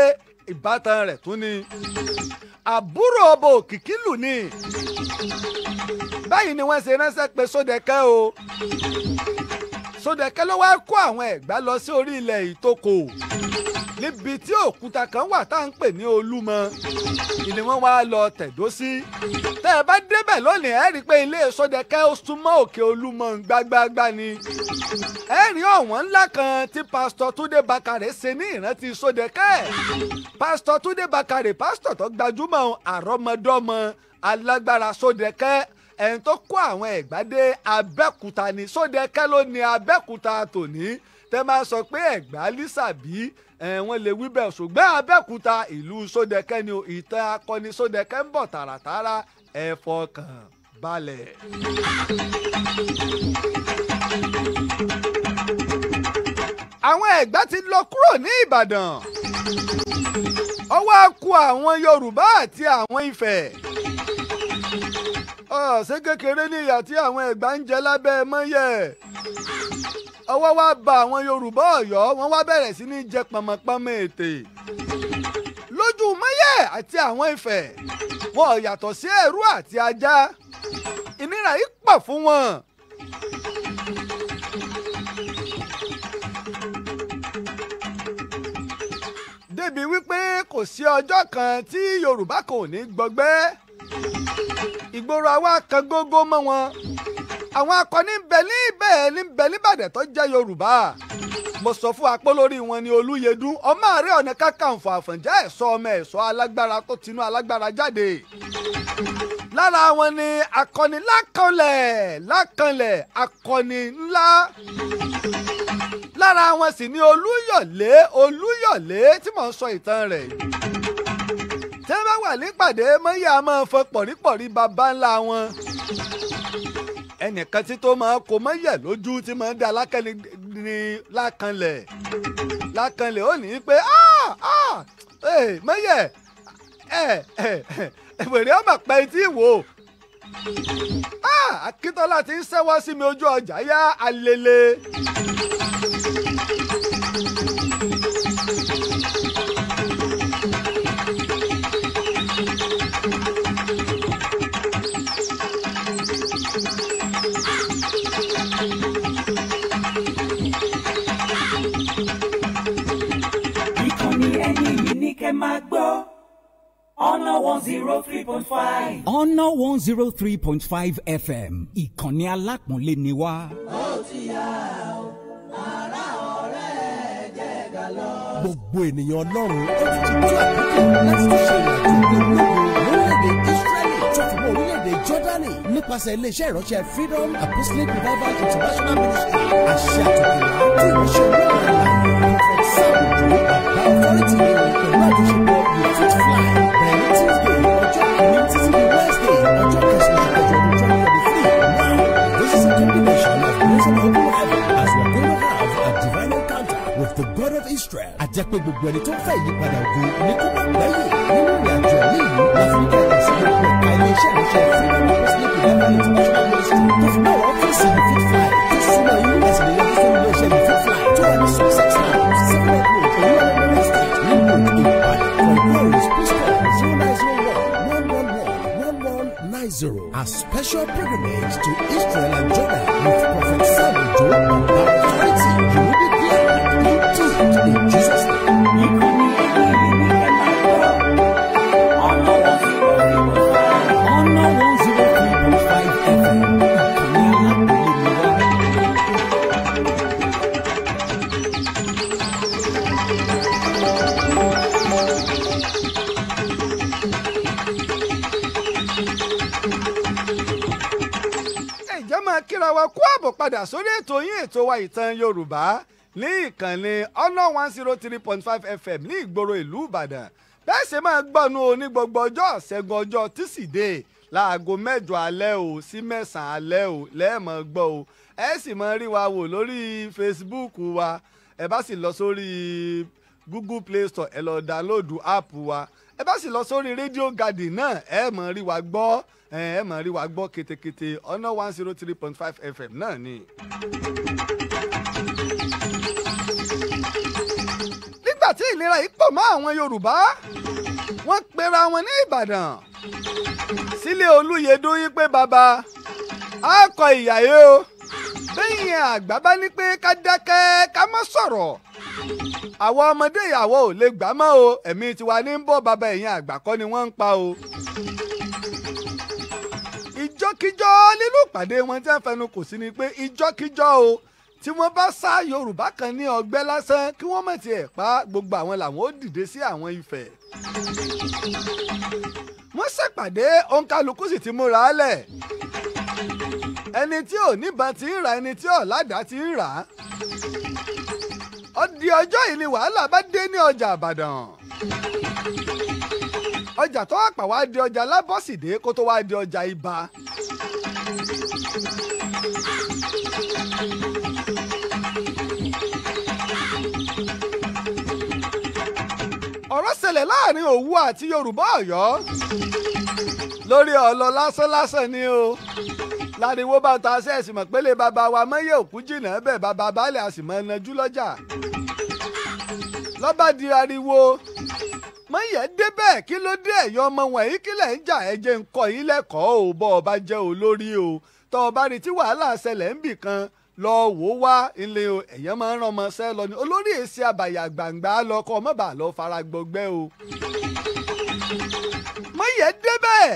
ìbátan rẹ̀ tún ni àbúrò ọba òkìkí lù ni báyìí ni wọ́n ṣe ránṣẹ́ pé Sódẹ̀kẹ́ o Sódẹ̀kẹ́ ló wá kó àwọn Ẹ̀gbá lọ sí orí ilẹ̀ Ìtòkò níbi tí òkúta kan wà tá à ń pè ní Olúmọ ni wọ́n wá lọ tẹ̀dó sí tẹ́ ẹ bá débẹ̀ lónìí ẹ rí i pé ilé Sódẹ̀kẹ́ ó súnmọ́ òkè Olúmọ gbágbáágbá ni ẹ rí ọ̀wọ́n ńlá kan tí pásítọ̀ Túndé Bákàrè ṣe ní ìrántí Sódẹ̀kẹ́ pásítọ̀ Túndé Bákàrè pásítọ̀ tó gbajúmọ̀ àrọ́mọdọ́mọ alágbára Sódẹ̀kẹ́ ẹ̀ń tó kó àwọn ẹ̀gbá dé abẹ́kúta ni sódẹ́kẹ́ ló ní abẹ́kúta tòní tẹ́ máa sọ pé ẹ̀gbá lísàbí wọ́n lè wí bẹ́ẹ̀ ṣùgbọ́n abẹ́kúta ìlú sódẹ́kẹ́ ni ìtàn akọni sódẹ́kẹ́ ń bọ̀ tààràtààrà ẹ fọkàn balẹ̀. àwọn ẹ̀gbá ti lọ kúrò ní ìbàdàn ó wá kù àwọn yorùbá àti àwọn ifẹ̀ ṣé kékeré ní ìyà tí àwọn ẹ̀gbá ń jẹ lábẹ́ mọ́yẹ̀ ọwọ́ wá ba àwọn Yorùbá Ọ̀yọ́ wọ́n wá bẹ̀rẹ̀ sí ní jẹ pọ̀mọ̀pọ̀mọ̀ ètè lójú mọ́yẹ̀ àti àwọn Ifẹ̀ wọn yàtọ̀ sí ẹ̀rú àti ajá ìnira yìí pọ̀ fún wọn. débi wípé kò sí ọjọ́ kan tí Yorùbá kan ní gbọgbẹ́ ìgboro àwa kan gógó mọ́ wọn àwọn akọni ń bẹ ní ibẹ̀ ní bẹ nìbàdàn tó jẹ́ yorùbá mo sọ fún apolórí wọn ni olúyẹdùn ọmọ ààrẹ ọ̀nà kakanfò àfọ̀njá ẹ̀sọ́ ọmọ ẹ̀sọ́ alágbára tó tinú alágbára jáde lára wọn ni akọni lákànlẹ̀ lákànlẹ̀ akọni ńlá lára wọn sì ni olúyọ̀lé olúyọ̀lé tí mò ń sọ ìtàn rẹ̀ yìí tí wọ́n bá wà nípàdé mọ́yà máa fọ pọ̀rípọ̀rí bàbá ńlá wọn. ẹnìkan tí tó máa kó mọ́yà lójú tí máa ń da lákànlẹ̀ lákànlẹ̀ ó ní pé ah, ah, eh, mọ́yà eh, eh, wèrè ọmọ pẹ́ tí wò ó. Ah, Akíntọ́lá ti ń ṣẹ́wọ́ sí mi ojú ọjà yá alele. ọ̀nà one zero oh three point five fm ìkànnì alápọ̀nlé ni wá. ó ti yá o ará ọ̀rẹ́ jẹ́ gà lọ. gbogbo ènìyàn ọlọ́run ó ti ti tó àkókò láti ṣe ìrìnàjò lórílẹ̀‐èdè israeli tó orílẹ̀‐èdè jordani nípasẹ̀ iléeṣẹ́ ìránṣẹ́ freedom apostolic revival international ministry àṣẹ àtọkùnrin àti ìránṣẹ́ olóòrùn àlàyé prophet sábùdù bàbá authority pẹ̀lú àjọṣepọ̀ you fit fly bẹ̀rẹ̀ tuesday the God of Israel. Àjẹpẹ́ gbogbo ẹni tó ń fẹ́ ìyípadà ògo ní kó má gbẹ́yìn nínú ìrìn àjò ní ìlú Áfíríkà ìsìnkú ẹ̀ka ilé-iṣẹ́ ìrìnsẹ̀ Freedom House ní Ìlànà International Ministry tó fi náà ọ́fíìsì ní Fit Fly tó súnmọ́ US ní ilé-iṣẹ́ ilé-iṣẹ́ ní Fit Fly tó wà ní Sussex náà. Our special pilgrimage to Israel and Jordan with Prophet Samuel Joe kíra wa kú àbọ̀ padà sórí ètò yín ètò wa ìtàn Yorùbá ní ìkànnì ọ̀nà one zero three point five FM ní ìgboro ìlú Ìbàdàn bẹ́ẹ̀ ṣe máa gbọ́nu ní gbogbo ọjọ́ ṣẹ́gun ọjọ́ tísídẹ̀ẹ́ láago mẹ́jọ alẹ́ o sí mẹ́sàn-án alẹ́ o lẹ́ẹ̀mọ́ gbọ́ o ẹ sì máa rí wa wò lórí Facebook wa ẹ bá sì lọ sórí Google Play Store ẹ lọ dáńlódù áàpù wa ẹ bá sì lọ sórí rédíò garden náà ẹ máa rí wa gbọ́ ẹ máa rí wa gbọ́ ketekete ọ̀nà one zero oh three point five fm náà ni. nígbà tí ìlera yìí pọ̀ mọ́ àwọn yorùbá wọ́n pera wọn ní ìbàdàn sílé olúyẹdó yín pé bàbá a kọ ìyá yìí o bẹ́yìn àgbà bá ní pé ká dákẹ́ ká má sọ̀rọ̀ àwọn ọmọdé ìyàwó ò lè gbà o ẹ̀mí tiwa ní ń bọ̀ bàbá ẹ̀yìn àgbà kọ́ ni wọ́n ń pa o ìjọkíjọ nínú ìpàdé wọn tí wọ́n fẹnu kò sí ni pé ìjọkíjọ o tí wọ́n bá sá yorùbá kan ní ọgbẹ́ lásán kí wọ́n mọ̀ tiẹ̀ pa gbogbo àwọn làwọn ó dìde sí àwọn ìfẹ́. wọ́n ṣèpàdé òǹkàlùkù sì ti múra lẹ̀ ẹni tí ò níbọn ti ń rà ẹni tí ò ládàá ti ń rà á ọjọ́ yìí ni wàhálà bá dé ní ọjà àbàdàn ọjà tó pa wá di ọjà lábọ́sídé kó tó wá di ọjà ibà. ọ̀rọ̀ ṣẹlẹ̀ láàrin Òwu àti Yorùbá Ọ̀yọ́ lórí ọ̀lọ́ lásánlásán ni o láriwo bá ta sẹ́ẹ̀sì mọ̀ pé lè bàbá wa mọ́yé òkú jìnnà bẹ́ẹ̀ bàbá baálé a sì mọ̀ ẹnajú lọ́jà lọ́ba ariwo mọ̀yẹ́ débẹ̀ kí ló dé ẹ̀yọ́ ọmọ wọ̀nyí kí lẹ̀ ń jà ẹ jẹ́ ń kọ́ yín lẹ́kọ̀ọ́ ò bọ́ ọba jẹ́ olórí o tọ́ ọba rí tí wàhálà ṣẹlẹ̀ ń bì kan lọ wò wá ilé o ẹ̀yẹ́ máa ń rán ọmọ sẹ́ lọ ni olórí èsì àbàyà gbàǹgbà lọ kọ́ ọmọ bàá lọ fara gbọgbẹ́ o. mọ̀yẹ́ débẹ̀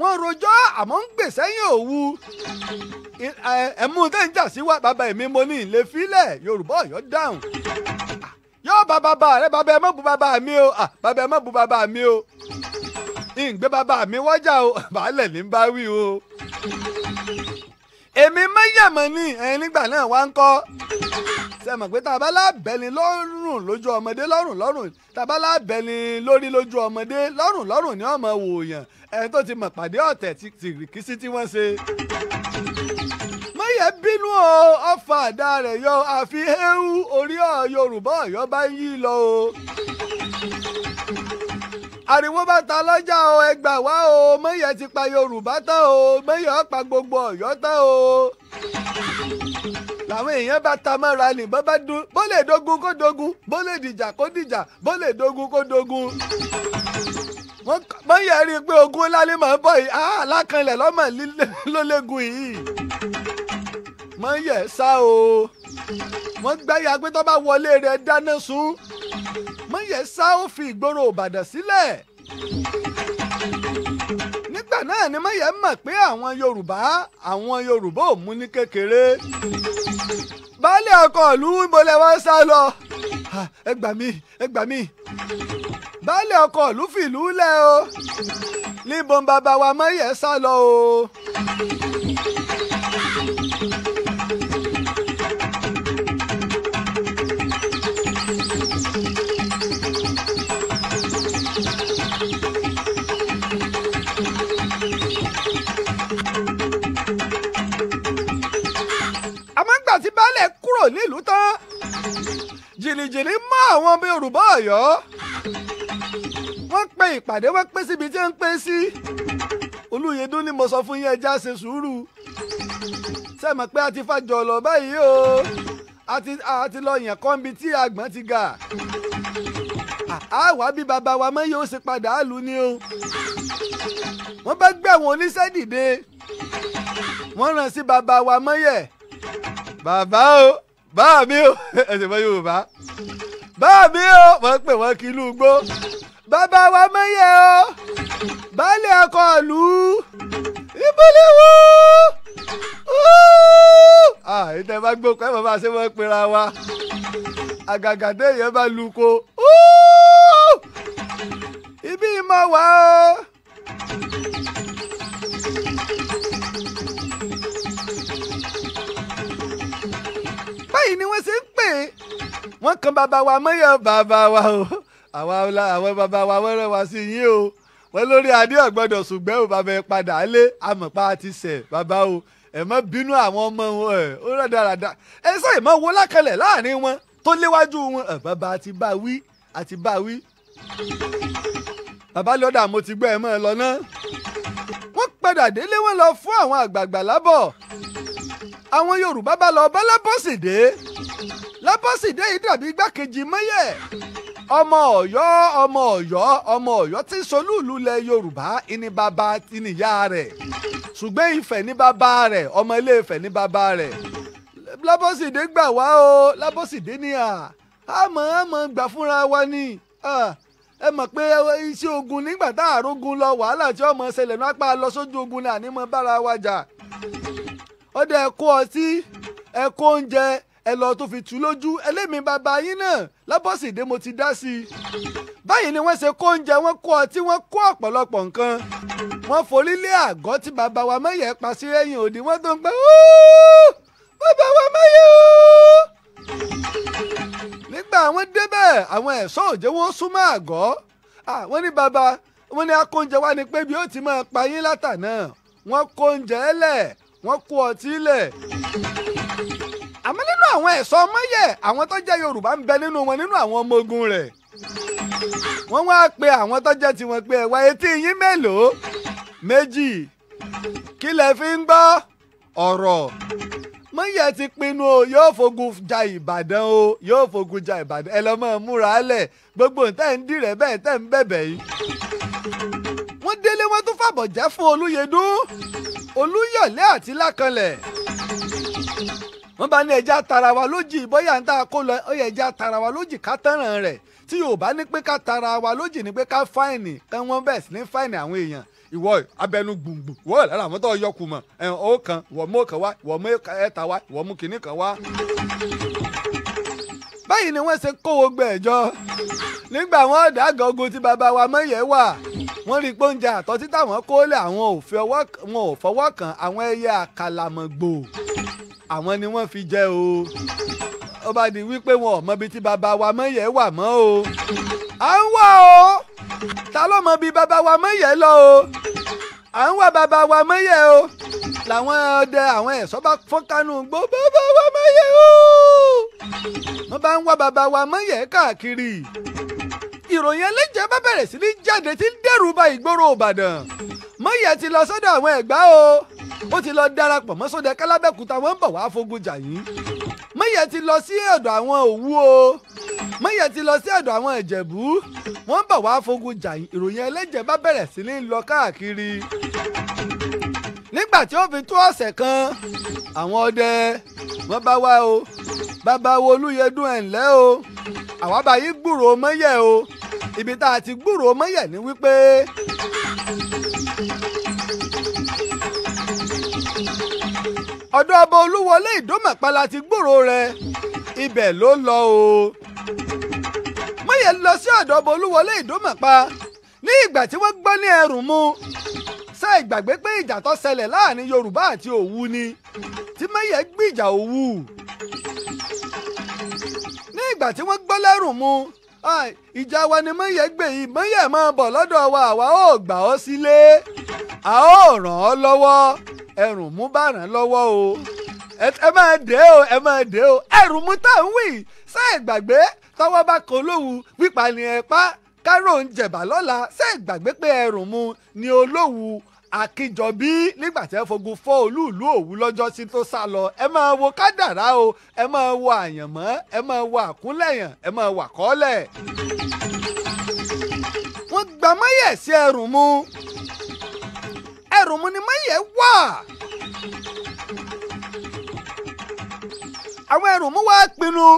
wọ́n rojọ́ àmọ́ ń gbèsè yín òwu ẹ̀mú tẹ́ ń jà sí wa bàbá èmi mo ní ìlẹ́fílẹ̀ Yorùbá Ọ̀yọ́ dáhùn yóò bá bàbá rẹ bàbá ẹ má bu bàbá mi o bàbá ẹ má bu bàbá mi o ìgbé bàbá mi wọ́jà o baálẹ̀ ní bá wí o. èmi mẹ́yàmọ̀ ni ẹ̀yin nígbà náà wá ń kọ́ sẹ́mọ̀ pé tàbá lábẹ́ni lọ́rùn lójú ọmọdé lọ́rùn lọ́rùn tàbá lábẹ́ni lórí lójú ọmọdé lọ́rùn lọ́rùn ni ọmọ wòòyàn ẹni tó ti mọ̀ pàdé ọ̀tẹ̀ tìrìkìsí tí wọ́n ṣe yẹn bínú o ọfà àdá rẹ̀ yọ àfi ewu orí ọ̀ yorùbá ọ̀yọ́ bá ń yí lọ o. ariwo bá ta lọ́jà o ẹgbà wá o mọ̀yẹ́ ti pa yorùbá tán o mọ̀yẹ́ pa gbogbo ọ̀yọ́ tán o. làwọn èèyàn bá ta mọ́ra ní bó bá dún bó lè dogun kó dogun bó lè dìjà kó dìjà bó lè dogun kó dogun mọ̀yẹ́ rí i pé ogun lálẹ́ mọ̀ ń bọ̀ yìí ah, alákanlẹ̀ lọ́mọ lólégun yìí mọ yẹ sá o wọ́n gbẹ́yà pé tó bá wọlé rẹ̀ dáná sun mọ yẹ sá ó fi ìgboro Ìbàdàn sílẹ̀ nígbà náà ni mọ yẹ mọ̀ pé àwọn Yorùbá àwọn Yorùbá ò mú ní kékeré baálé ọkọ ìlú ìbọlẹ̀ wọn sá lọ ẹ gbà mí ẹ gbà mí baálé ọkọ ìlú fìlú lẹ o níbo bàbá wa mọ yẹ sá lọ o. òṣèlú mọ àwọn ọmọ yorùbá ọ̀yọ́ wọ́n pe ìpàdé wọ́n pé síbi tí wọ́n pé sí olùyẹdùn ni mo sọ fún yín ẹja ṣe sùúrù sẹ́mọ̀ pé a ti fàjọ lọ báyìí o a ti lọ yàn kọ́ níbi tí àgbọ̀n ti ga a wá bí bàbá wa mọ́ yóò ṣe padà á lù ni o wọ́n bá gbé àwọn oníṣẹ́ dìde wọ́n rán sí bàbá wa mọ́yẹ̀ bàbá o bá mi o ẹsẹ̀ mọ́ yorùbá bá mi o wọ́n pè wọ́n kí inú gbó bàbá wa mẹ́yẹ o baálé ọkọ ìlú ìbúléwò ìtẹ̀ bá gbókò ẹ̀ bàbá ṣé wọ́n pera wa àgàgà téèyàn bá lu ko ibi ìmọ̀ wá o. báyìí ni wọ́n ṣe ń pè é wọ́n kan bàbá wa mọ́yọ̀ bàbá wa o àwọn bàbá wa wọ́n rẹ̀ wá sí yín o wọ́n lórí adé ọ̀gbọ́dọ̀ ṣùgbẹ́ ò bàbá ẹ padà lé amọ̀pá àti sẹ̀ bàbá o ẹ má bínú àwọn ọmọ wọn ẹ ó rẹ̀ dáradára ẹ sọ ìmọ̀ wo lákẹlẹ̀ láàrin wọn tó léwájú wọn ẹ bàbá àti bá wí àti bá wí. bàbá lọ́dà mo ti gbọ́ ẹ mọ́ ẹ lọ ná. wọ́n padà délé wọn lọ fún àwọn àgbààgbà lábọ̀ àwọn yorùbá bá lọ bá lábọ́sídé lábọ́sídé yìí dàbí igbákejì mọ́yẹ̀ ọmọ ọ̀yọ́ ọmọ ọ̀yọ́ ọmọ ọ̀yọ́ tí solúùlú lẹ̀ yorùbá ìní bàbá ìníyá rẹ̀ ṣùgbọ́n ifẹ̀ ní bàbá rẹ̀ ọmọ ilé ifẹ̀ ní bàbá rẹ̀ lábọ́sídé gbà wá o lábọ́sídé ni à àmọ́ àmọ́ gbà fúnra wa ni ẹ mọ̀ pé iṣẹ́ ogun nígbà tá àrógun lọ wàhálà tí ọmọ ṣẹlẹ̀ náà pa lọ sójú ogun ni àní mọ bára wa jà ọdẹ ẹ kó ọtí ẹ kó oúnjẹ ẹ lọ tó fi tú lójú ẹlẹ́mìí bàbá yín náà lábọ́sídé mo ti dá sí i. báyìí ni wọ́n ṣe kó oúnjẹ wọ́n kó ọtí wọ́n kó ọ̀pọ̀lọpọ̀ nǹkan wọ́n forí lé àgọ́ tí bàbá wa mẹ́yẹ pa sí ẹ̀yìn òdì wọ́n tó ń gbẹ́ bàbá wa mẹ́yẹ nígbà àwọn débẹ̀ àwọn ẹ̀ṣọ́ òjò wọn súnmọ́ àgọ́ wọ́n ní bàbá wọ́n ní akóúnjẹ wa ni pé bí ó ti máa pa yín látà náà wọ́n kó oúnjẹ ẹlẹ́ẹ̀ wọ́n kó ọtí lẹ̀. àmọ́ nínú àwọn ẹ̀ṣọ́ mọ́yẹ̀ àwọn tó jẹ́ yorùbá ń bẹ nínú wọn nínú àwọn ọmọ ogun rẹ̀ wọ́n wá pe àwọn tó jẹ́ tiwọn pé ẹ̀wà etí yín mélòó méjì kí lẹ fi ń gbọ́ ọ̀rọ̀ mọ́yẹ̀ ti pinnu o yóò fogun ja ìbàdàn o yóò fogun ja ìbàdàn ẹ lọ́ mọ́ múra lẹ̀ gbogbo ntẹ́ ń dìrẹ̀ bẹ́ẹ̀ tẹ́ ń bẹ̀bẹ̀ yìí. wọ́n délé wọn tún fàbọ̀ jẹ́ fún olúyẹdùn olúyọ̀lé àti lákanlẹ̀ wọ́n bá ní ẹja tara wa lójì bóyá ń tá a kó lọ ó yẹ ẹja tara wa lójì ká tẹ̀ràn rẹ̀ tí yóò bá ní pé ká tara wa lójì ní pé ká fáìnì kán wọ́n bẹ̀ sí ní fáìnì àwọn èèyàn ìwọ abẹnú gbùngbùn wọ́n lára àwọn tó yọkù mọ̀ ẹ̀hún ó kan wọ́n mú ọkàn wá wọ́n mú ẹ̀ta wá wọ́n mú kìnnì kan wá. báyìí ni wọ́n ṣe kówó gbẹ̀jọ nígbà wọn dàgọ́gun tí baba wa mọ̀yẹ́ wà wọ́n rí i pé oúnjẹ àtọ́tí táwọn kó lé àwọn ò fọwọ́ kàn àwọn ẹyẹ àkàlàmọ̀gbò àwọn ni wọ́n fi jẹ o ó bá di wípé wọn ò mọbi tí bàbá wa mọ̀yẹ́ wà mọ́ o à ń wá o ta ló mọbi bàbá wa mọ̀yẹ́ lọ o à ń wá bàbá wa mọ̀yẹ́ o làwọn ọdẹ àwọn ẹ̀ṣọ́ bá fọ́n kánú gbó bàbá wa mọ̀yẹ́ o wọ́n bá ń wá bàbá wa mọ̀yẹ́ káàkiri ìròyìn ẹlẹ́jẹ̀ bá bẹ̀rẹ̀ sí ní jáde tí ń dẹ́rù ba ìgboro ìbàdàn mọ́yẹ̀ ti lọ sọ́dọ̀ àwọn ẹ̀gbá o ó ti lọ darapọ̀ mọ́ sóde kálábẹ́kúta wọ́n ń bọ̀ wá fogun jà yín mọ́yẹ̀ ti lọ sí ọ̀dọ̀ àwọn òwú o mọ́yẹ̀ ti lọ sí ọ̀dọ̀ àwọn ìjẹ̀bú wọ́n ń bọ̀ wá fogun jà yín ìròyìn ẹlẹ́jẹ̀ bá bẹ̀rẹ̀ sí ní lọ káàkiri nígbà tí ó fi tó ọ̀sẹ̀ kan àwọn ọdẹ wọ́n bá wá o bàbá wo olúyẹdùn ẹ̀ ńlẹ́ o àwa bá yí gbúròó mọ́yẹ̀ o ibi tá a ti gbúròó mọ́yẹ̀ ni wípé. ọ̀dọ̀ ọba olúwọlé ìdómọ̀pálá ti gbúròó rẹ̀ ibẹ̀ ló lọ o mọ́yẹ̀ lọ sí ọ̀dọ̀ ọba olúwọlé ìdómọ̀pá ní ìgbà tí wọ́n gbọ́ ní ẹrù mu ṣé ìgbàgbé pé ìjà tó ṣẹlẹ̀ láàrin Yorùbá àti Òwu ni tí Mẹ́yẹ gbìjà Òwu ní ìgbà tí wọ́n gbọ́ lẹ́rù mu ìjà wa ni Mẹ́yẹ gbè yìí Mẹ́yẹ máa bọ̀ lọ́dọ̀ wa àwa ó gbà ọ́ sílé a ó ràn ọ́ lọ́wọ́ ẹrùn mú bá ràn lọ́wọ́ o ẹ máa dé o ẹ máa dé o ẹrùn mú tá à ń wì ṣé ìgbàgbé tọ́wọ́ bá kọ Olówu pípa ni ẹ pa kárò ń jẹ̀bà lọ́la ṣé ìgbàgbé pé ẹrùn mu ni Olówu akínjọbí nígbà tí ẹ fogun fọ́ olúùlú òwú lọ́jọ́ sí tó sá lọ ẹ máa wo kádàrá o ẹ máa wo àyànmọ́ ẹ máa wo àkúnlẹ̀yàn ẹ máa wo àkọọ́lẹ̀. wọ́n gba mọ́yẹ̀ sí ẹrù mu ẹrù mu ni mọ́yẹ̀ wà. àwọn ẹrù mu wá pinnu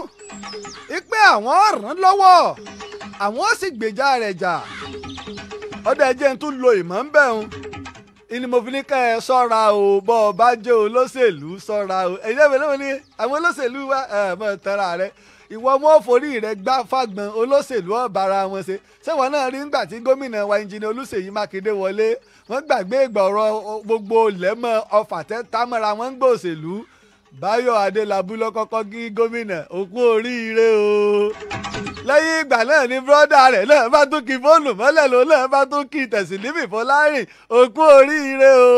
ìpè àwọn ràn lọ́wọ́ àwọn sì gbèjà rẹ̀ jà ọdẹ jẹ́ ń tún lo ìmọ̀ ń bẹ̀ ni mo fi ní ká ẹ sọ́ra o bọ́ ọ bá jẹ́ olóṣèlú sọ́ra o ẹ̀yin náà mẹ́lẹ́wọ̀n ni àwọn olóṣèlú wa mọ̀ ẹ́ tẹ́ra rẹ ìwọ ọmọ òfòrí rẹ gbá fàgbọn olóṣèlú ọ̀bára wọn ṣe ṣéwọn náà rí nígbà tí gómìnà wa ẹnjìnì olúṣèyí mákindé wọlé wọn gbàgbé ìgbà ọ̀rọ̀ gbogbo lẹ́mọ̀ ọfà tẹ́ támọ́ra wọn ń gbọ́ òṣèlú báyọ̀ adélábù ló kọ́kọ́ kí gómìnà òkú oríire o lẹ́yìn ìgbà náà ni bírọ́dà rẹ̀ náà bá tún kí fóònù mọ́lẹ̀ ló náà bá tún kí tẹ̀sílímì fọlárìn òkú oríire o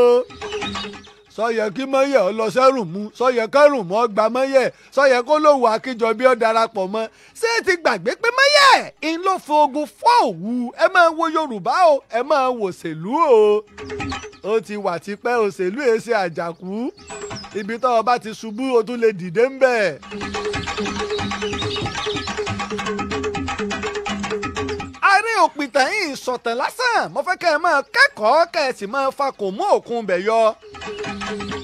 sọyẹ kí mọyẹ ọ lọ sẹrùn mú sọyẹ kẹrùn mọ gba mọyẹ sọyẹ kó lòun akíjọ bí ọ darapọ̀ mọ́ ṣé ti gbàgbé pé mọyẹ ń lọ fogun fọ́ òwú ẹ máa wo yorùbá o ẹ máa wòṣèlú o ó ti wà tipẹ́ òṣèlú èsì àjàkú ibi tọ́wọ́ bá ti ṣubú o tún lè dìde ń bẹ̀. àárín òpìtàn yìí sọ̀tàn lásán mo fẹ́ kẹ́ ẹ máa kẹ́kọ̀ọ́ kẹ́ ẹ sì máa fakùn mú òkun bẹ̀ yọ.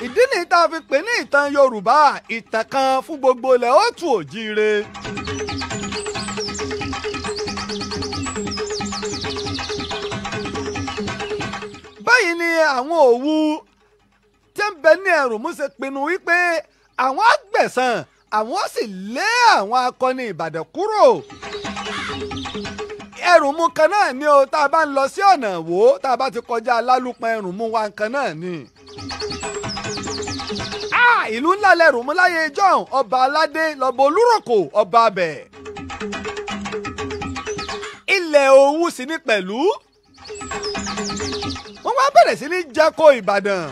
ìdí nìyí tá a fi pè ní ìtàn Yorùbá ìtàn kan fún gbogbo ilẹ̀ ó tù òjíire. báyìí ni àwọn òwú tí ń bẹ ní ẹrù múṣe pinnu wípé àwọn á àwọn sì lé àwọn akọni ìbàdàn kúrò ẹrùnmu kan náà ni o tá a bá ń lọ sí ọ̀nà wo tá a bá ti kọjá lálùpọ̀ ẹrùnmu wa kan náà ni. ìlú ńlá lẹrùnmu láyé john ọba aládé lọ́bọ̀ olúròkò ọba abẹ̀. ilẹ̀ òwú sì ni pẹ̀lú. wọ́n wá bẹ̀rẹ̀ sí ní jákò ìbàdàn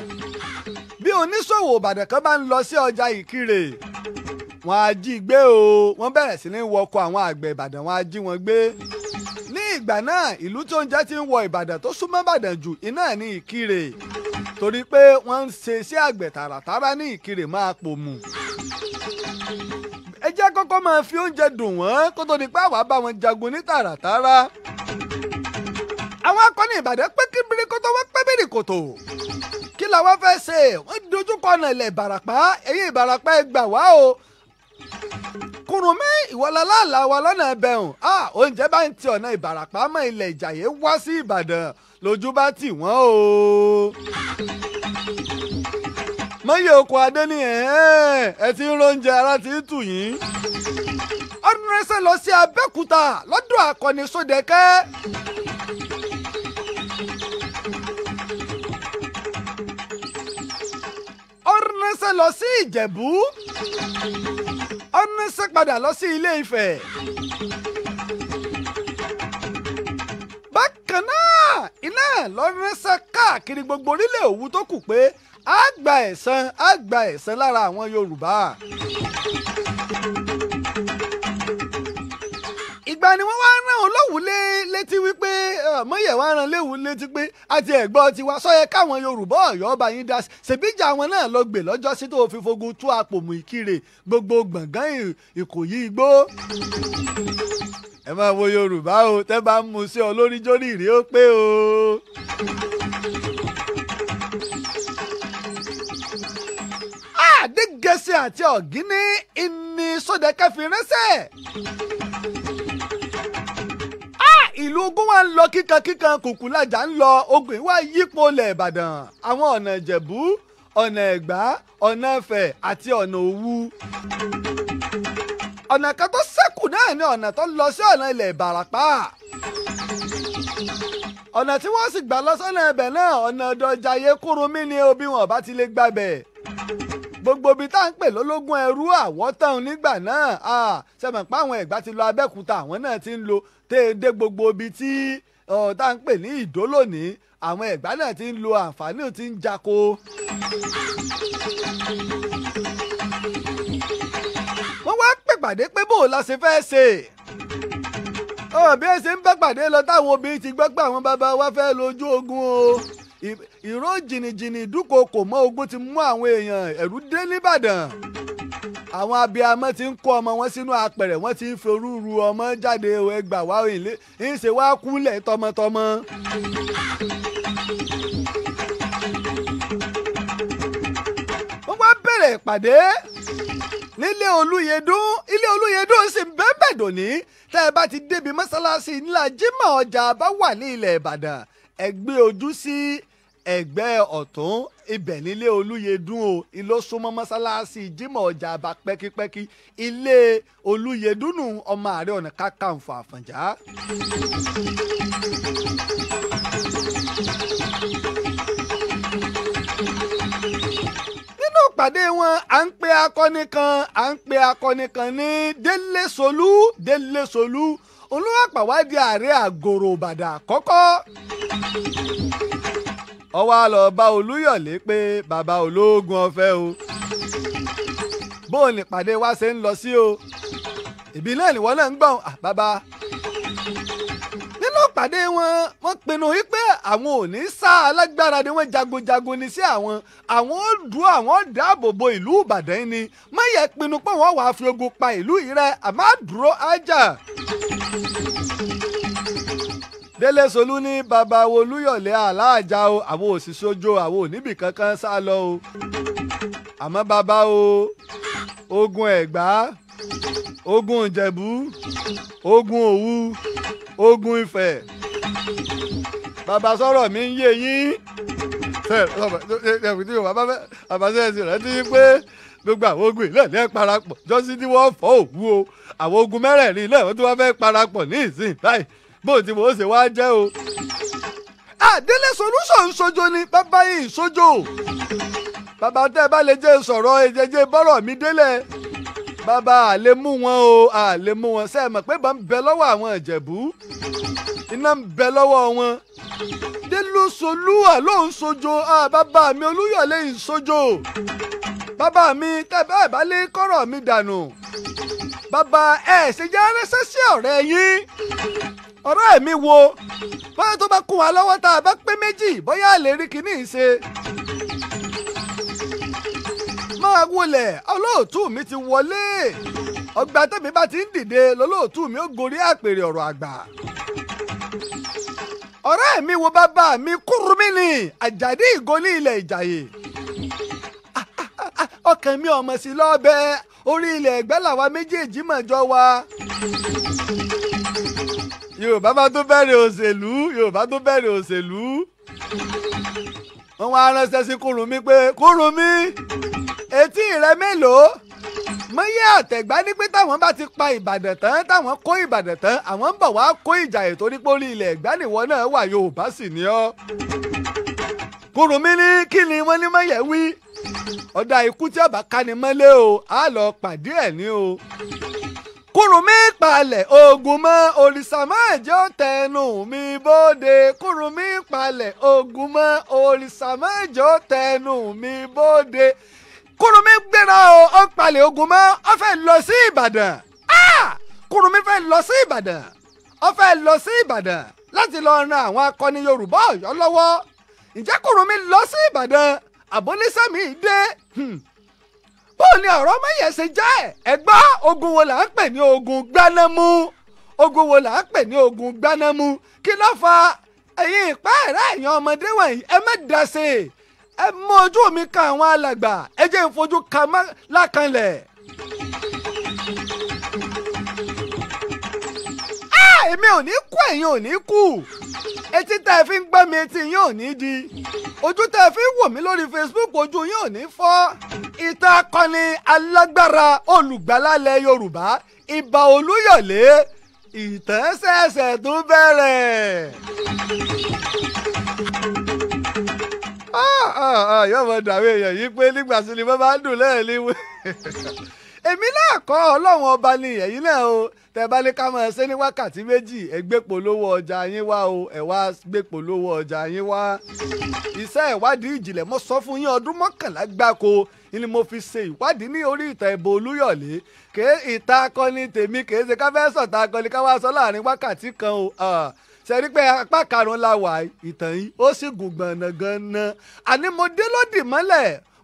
bí oníṣòwò ìbàdàn kan bá ń lọ sí ọjà ìkirè wọ́n á jí gbé o wọ́n bẹ̀rẹ̀ sí ní wọkọ àwọn àgbẹ̀ ìbàdàn wọ́n á jí wọn gbé ní ìgbà náà ìlú tó ń jẹ́ ti ń wọ ìbàdàn tó súnmọ́ ìbàdàn jù iná ní ìkirè torí pé wọ́n ń ṣe iṣẹ́ àgbẹ̀ tààràtààrà ní ìkirè máa pò mù ẹ jẹ́ kọ́kọ́ máa fi oúnjẹ dùn wọ́n kó tó di pé àwa bá wọn jagun ní tààràtààrà àwọn akọni ìbàdàn pé kí bírí kótó wọ́n pé bírí kòtò kí làwọn fẹ́ ṣe wọ́n dojúkọ ọ̀nà ilẹ̀ ìbàràpá èyí ìbàràpá ẹ gbà wá o kùrùmí ìwọlọláàlà wa lọ́nà ẹbẹ̀rún a oúnjẹ bá ń ti ọ̀nà ìbàràpá mọ́ ilẹ̀ ìjàyè wá sí ìbàdàn lójú bá tì wọ́n o mọ́yé oko adé ni ẹ ti ń róúnjẹ ara ti ń tù yín ọdún rẹsẹ̀ lọ sí abẹ́òkúta lọ́dún akọni sódẹ́kẹ́. ránṣẹ́ lọ sí ìjẹ̀bú ó ránṣẹ́ padà lọ sí ilé ifẹ̀. bákan náà iná lọ ránṣẹ́ káàkiri gbogbo orílẹ̀ òwú tó kù pé á gba ẹ̀san á gba ẹ̀san lára àwọn yorùbá. ìgbà ni wọ́n wá olóhùn lé létí wípé mọ́yẹ̀wá ran léhùn létí pé àti ẹ̀gbọ́n tiwa sọ́yẹ káwọn yorùbá ọ̀yọ́ ọba yín dá sí ṣèbíjà àwọn náà lọ gbè lọ́jọ́ sí tó fi fogun tú àpòmù ìkirè gbogbo gbọ̀ngàn ìkòyí igbó ẹ máa wo yorùbá o tẹ́ bá ń mu sí ọ lórí jórí rí ó pé o. àdégẹsẹ àti ọ̀gíní ìní sódẹ́kẹ́ fi rẹ́sẹ̀ ìlú ogun wa ń lọ kíkankíkan kùkùlàjà ń lọ ogun wa yípo lẹ̀ ìbàdàn àwọn ọ̀nà ìjẹ̀bú ọ̀nà ẹ̀gbá ọ̀nà ẹ̀fẹ̀ àti ọ̀nà òwu. ọ̀nà kan tó ṣẹ́kù náà ni ọ̀nà tó lọ sí ọ̀nà ilẹ̀ ìbàràpá ọ̀nà tí wọ́n sì gbà lọ sọ́nà ẹ̀bẹ̀ náà ọ̀nà ọ̀dọ̀ jayé kúrúmí ni obi wọn bá ti lè gbàbẹ̀ gbogbo ibi tá à ń pè lólógún ẹrú àwọ̀tán nígbà náà sẹ́mọ̀ pé àwọn ẹ̀gbá ti lọ abẹ́kúta àwọn náà ti ń lo téèdé gbogbo ibi tí tá à ń pè ní ìdó lónìí àwọn ẹ̀gbá náà ti ń lo àǹfààní ti ń jako. wọ́n wá pèpàdé pé bó la ṣe fẹ́ ṣe ọ̀bí ẹ̀ ṣe ń bá pàdé lọ táwọn obìnrin ti gbọ́ pé àwọn bàbá wa fẹ́ lójú ogun o ìró jìnnìjìnnì ìdúkokò mọ́ ogun ti mú àwọn èèyàn ẹ̀rú dé nìbàdàn àwọn abiyamọ ti ń kó ọmọ wọn sínú apẹ̀rẹ̀ wọ́n ti ń forú ru ọmọ jáde ẹgbà wá òyìnlé ń ṣe wá kúlẹ̀ tọmọtọmọ. wọ́n wá bẹ̀rẹ̀ ìpàdé nílé olúyẹdùn ilé olúyẹdùn sì ń bẹ́ẹ̀bẹ̀ dòní tẹ́ ẹ bá ti débi mọ́sálásí ńlá jimá ọjà bá wà ní ilẹ̀ ìbàdàn ẹ gbé ojú sí ẹ̀gbẹ́ ọ̀tún ibẹ̀ nílé olúyẹdùn o ìlọsọmọ mọ́sálásí jimoh ọjà àbá pẹ́kípẹ́kí ilé olúyẹdùnù ọmọ ààrẹ ọ̀nà kakanfò àfọ̀njá. nínú ìpàdé wọn à ń pe akọni kan à ń pe akọni kan ní délé solú olùwàpàwádìí ààrẹ àgòrò ìbàdàn àkọ́kọ́ ó wá lọ bá olúyọ̀lé pé bàbá ológun ọ̀fẹ́ o bóun nípàdé wa ṣe ń lọ sí o ìbí náà nìwọ náà ń gbọ̀n ah, bàbá nínú ìpàdé wọn wọ́n pinnu wípé àwọn ò ní sá alágbára ni wọ́n jagunjagun ní sí àwọn àwọn ò dúró àwọn ò dáàbò bo ìlú ìbàdàn ni mọ̀yẹ́ pinnu pé wọ́n wàá fi ogun pa ìlú yìí rẹ́ àmọ́ àdúró ájà délé solú ní bàbá olúyọ̀lé aláàjá o àwọn òṣìṣẹ́ ojú àwọn oníbì kankan sá lọ o àmọ́ bàbá o ogun ẹ̀gbá ogun ìjẹ̀bú ogun òwu ogun ifẹ̀ bàbá sọ̀rọ̀ mi ń yé yín bàbá sẹ́yìn rántí pé gbogbo àwọn ogun ilé ilé parapọ̀ jọ́sí ni wọ́n fọ́ òwú o àwọn ogun mẹ́rẹ̀ẹ̀rin ilé wọn tí wọ́n fẹ́ parapọ̀ ní ìsìn báyìí bóun ti wọ́n ṣe wá jẹ́ o. àdélé solution sojo ni bàbá yìí sojo bàbá tẹ́ ẹ bá lè jẹ́ sọ̀rọ̀ ìjẹ́jẹ́ bọ́rọ̀ mi délẹ̀ bàbá àlè mú wọn o àlè mú wọn ṣe é mọ̀ pé bá bẹ lọ́wọ́ àwọn ìjẹ̀bú iná ń bẹ lọ́wọ́ wọn délùsọlúwà ló ń sojo ah, bàbá mi olúyọ̀lé ń sojo bàbá mi tẹ́bẹ́ ìbálẹ̀ kọ́rọ̀ mi dànù bàbá ẹ̀ ṣe jẹ́ rẹ́sẹ̀ sí ọ̀rẹ́ yín ọ̀rẹ́ mi wo bóyá tó bá kún wa lọ́wọ́ tá a bá pé méjì bóyá lè rí kíní ṣe máa wọlẹ̀ olóòtú mi ti wọlé ọgbà tẹ̀mí bá ti ń dìde lọ́lọ́òtú mi ó gorí àpèrè ọ̀rọ̀ àgbà ọ̀rẹ́ mi wo bàbá mi kúrú mi ni àjàdí ìgò ní ilẹ̀ ìjàyè ọkàn mi ọmọ sí lọ́bẹ̀ orí ilẹ̀ ẹ̀gbẹ́ làwa méjèèjì mọ̀jọ wa. yorùbá bá tó bẹ̀rẹ̀ òṣèlú yorùbá tó bẹ̀rẹ̀ òṣèlú. wọ́n wá ránṣẹ́ sí Kúrúnmí pé Kúrúnmí etí rẹ mélòó mọ́yé àtẹ̀gbá ní pé táwọn bá ti pa ìbàdàn tán táwọn kó ìbàdàn tán àwọn ń bọ̀ wá kó ìjà ètò nípòrí ilẹ̀ ẹ̀gbá nìwọ náà wà yorùbá sì ni ọ́ kúrò mí ní kí ni wọ́n ní mọ̀yẹ́ wí ọ̀dà ikú tí ọba kani mọ́lé o á lọ pàdé ẹ̀ ní o. kúrùmí palẹ̀ oògùn mọ́ òrìṣà máa jẹ́ tẹnu mi bóde kúrùmí palẹ̀ oògùn mọ́ òrìṣà máa jẹ́ tẹnu mi bóde kúrùmí gbéra o ó palẹ̀ oògùn mọ́ ó fẹ́ lọ sí Ìbàdàn ah! kúrùmí fẹ́ lọ sí Ìbàdàn ó fẹ́ lọ sí Ìbàdàn láti lọ ran àwọn akọni Yorùbá Ọ̀yọ́ lọ́wọ́ ǹjẹ́ Kúrúnmí lọ sí Ìbàdàn àbólésàmì dé hmm. bó ni ọ̀rọ̀ mẹ́yẹ̀ ṣe jẹ́ ẹ gbọ́ ogun wo là ń pè ní ogun gbanámú ogun wo là ń pè ní ogun gbanámú kí ló fa ẹ̀yin ìpáàrà ẹ̀yin ọmọdé wọ̀nyí ẹ má dàsẹ̀ ẹ mọ ojú mi kan àwọn alàgbà ẹ jẹ́ ìfojú kan lákanlẹ̀. èmi ò ní kú ẹ̀yin ò ní kú etí tẹ́ ẹ fi ń gbọ́ mi etí yín ò ní di ojú tẹ́ ẹ fi ń wò mí lórí Facebook ojú yín ò ní fọ́ ìtàn akọni alágbára olùgbàlálẹ̀ Yorùbá Ìbà Olúyọ̀lé ìtàn ṣẹ̀ṣẹ̀ tún bẹ̀rẹ̀. yọ̀ọ́ mọ̀ dàwé èèyàn yìí pé nígbà tí ni wọ́n bá ń dùn lẹ́yìn ní wẹ́ẹ́ èmi náà kọ́ ọlọ́run ọba ni ẹ̀yin náà o tẹ́ bá ní ká máa ṣe ní wákàtí méjì ẹ gbé polówó ọjà yín wá o ẹ wá gbé polówó ọjà yín wá. iṣẹ́ ìwádìí ìjìnlẹ̀ mo sọ fún yín ọdún mọ́kànlá gbáko ni mo fi ṣe ìwádìí ní orí ìtàn ìbò olúyọ̀lé kì í ìta akọni tèmi kì í ṣe ká fẹ́ sọ̀tà akọni ká wá sọ láàrin wákàtí kan o sẹ́rí pé apá karùn-ún la wà ìtàn yìí ó sì gùn gbọ̀nàgànà àní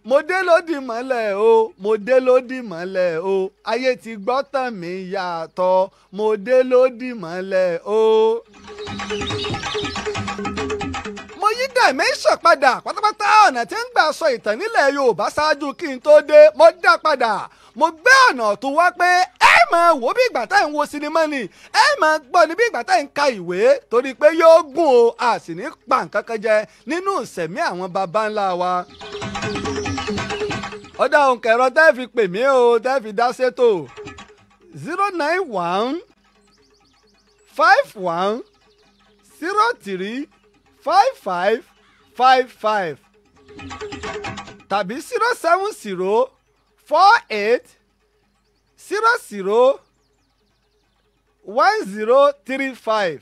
mo dé lódì mọ́lẹ̀ o mo dé lódì mọ́lẹ̀ o ayé ti gbọ́ tàn mí yàtọ̀ mo dé lódì mọ́lẹ̀ o. mo yí dimension padà pátápátá ọ̀nà tí ń gbà sọ ìtàn nílẹ̀ Yorùbá ṣáájú kí n tó dé mo dá padà mo gbé ọ̀nà tó wá pé ẹ máa wò bí ìgbà tá à ń wo sinimá ni ẹ máa gbọ́ ni bí ìgbà tá à ń ka ìwé torí pé yóò gùn o a sì ní pa nǹkan kan jẹ nínú ìsẹ̀mí àwọn baba ńlá wa ọ̀dà òǹkẹ̀rọ tẹ́ fi pè mí o tẹ́ fi dá sétò zero nine one five one zero three five five five five tàbí zero seven zero four eight zero zero one zero three five